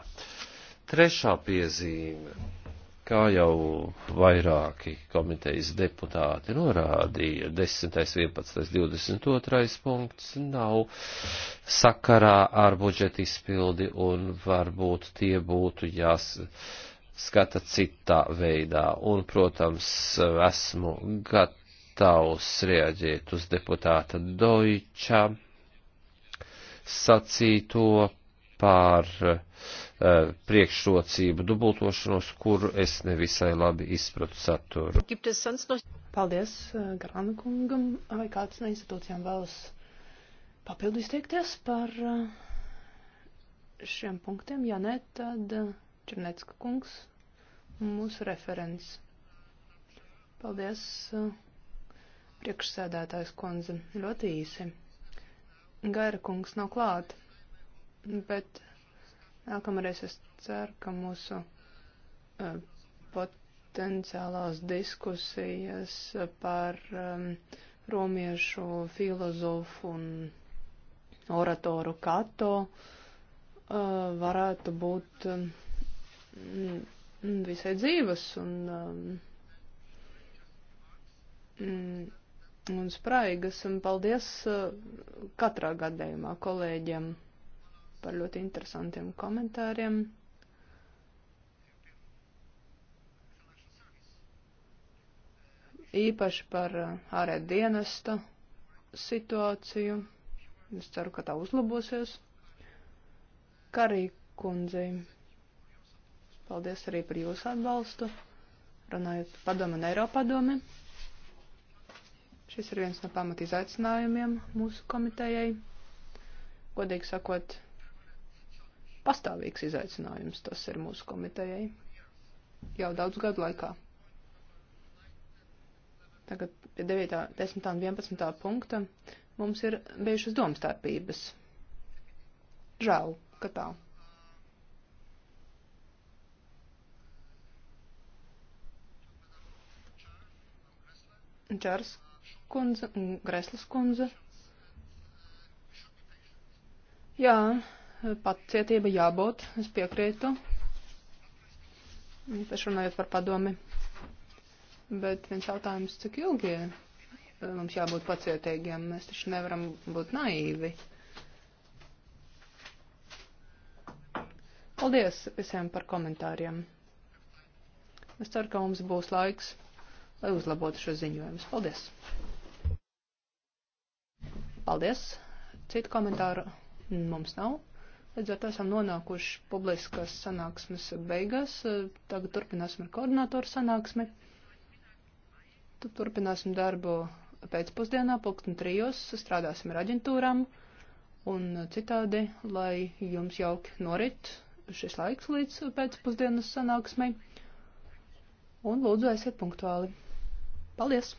Trešā piezīme, kā jau vairāki komitejas deputāti norādīja, 10., 11., 22. punkts nav sakarā ar budžeta izpildi un varbūt tie būtu jās skata citā veidā. Un, protams, esmu gat gatavs reaģēt uz deputāta Doiča sacīto par uh, priekšrocību dubultošanos, kuru es nevisai labi izpratu saturu. Paldies uh, eh, Grāna kungam, vai kāds no institūcijām vēlas papildu izteikties par uh, šiem punktiem? Ja nē, tad Černecka kungs, mūsu referents. Paldies. Uh, Priekšsēdētājs kundze ļoti īsi. Gaira kungs nav klāt, bet nākamreiz es ceru, ka mūsu uh, potenciālās diskusijas par um, romiešu filozofu un oratoru Kato uh, varētu būt um, visai dzīvas un um, un spraigas, un paldies uh, katrā gadījumā kolēģiem par ļoti interesantiem komentāriem. Īpaši par uh, ārē dienesta situāciju. Es ceru, ka tā uzlabosies. Karī kundzei. Paldies arī par jūsu atbalstu, runājot padomu un Eiropadomi. Šis ir viens no pamat izaicinājumiem mūsu komitejai. Godīgi sakot, pastāvīgs izaicinājums tas ir mūsu komitejai jau daudz gadu laikā. Tagad pie 9, 10 un 11 punkta mums ir bijušas domstarpības. Žēl, ka tā. Čārs kundze un Greslas kundze. Jā, pacietība jābūt, es piekrītu. Pēc runājot par padomi. Bet viens jautājums, cik ilgi eh, mums jābūt pacietīgiem? Mēs taču nevaram būt naīvi. Paldies visiem par komentāriem. Es ceru, ka mums būs laiks, lai uzlabotu šo ziņojumus. Paldies! Paldies. Citu komentāru mums nav. Līdz ar to esam nonākuši publiskas sanāksmes beigās. Tagad turpināsim ar koordinātoru sanāksmi. Tad turpināsim darbu pēcpusdienā, pulksten trijos, strādāsim ar aģentūrām un citādi, lai jums jauki norit šis laiks līdz pēcpusdienas sanāksmei. Un lūdzu, esiet punktuāli. Paldies!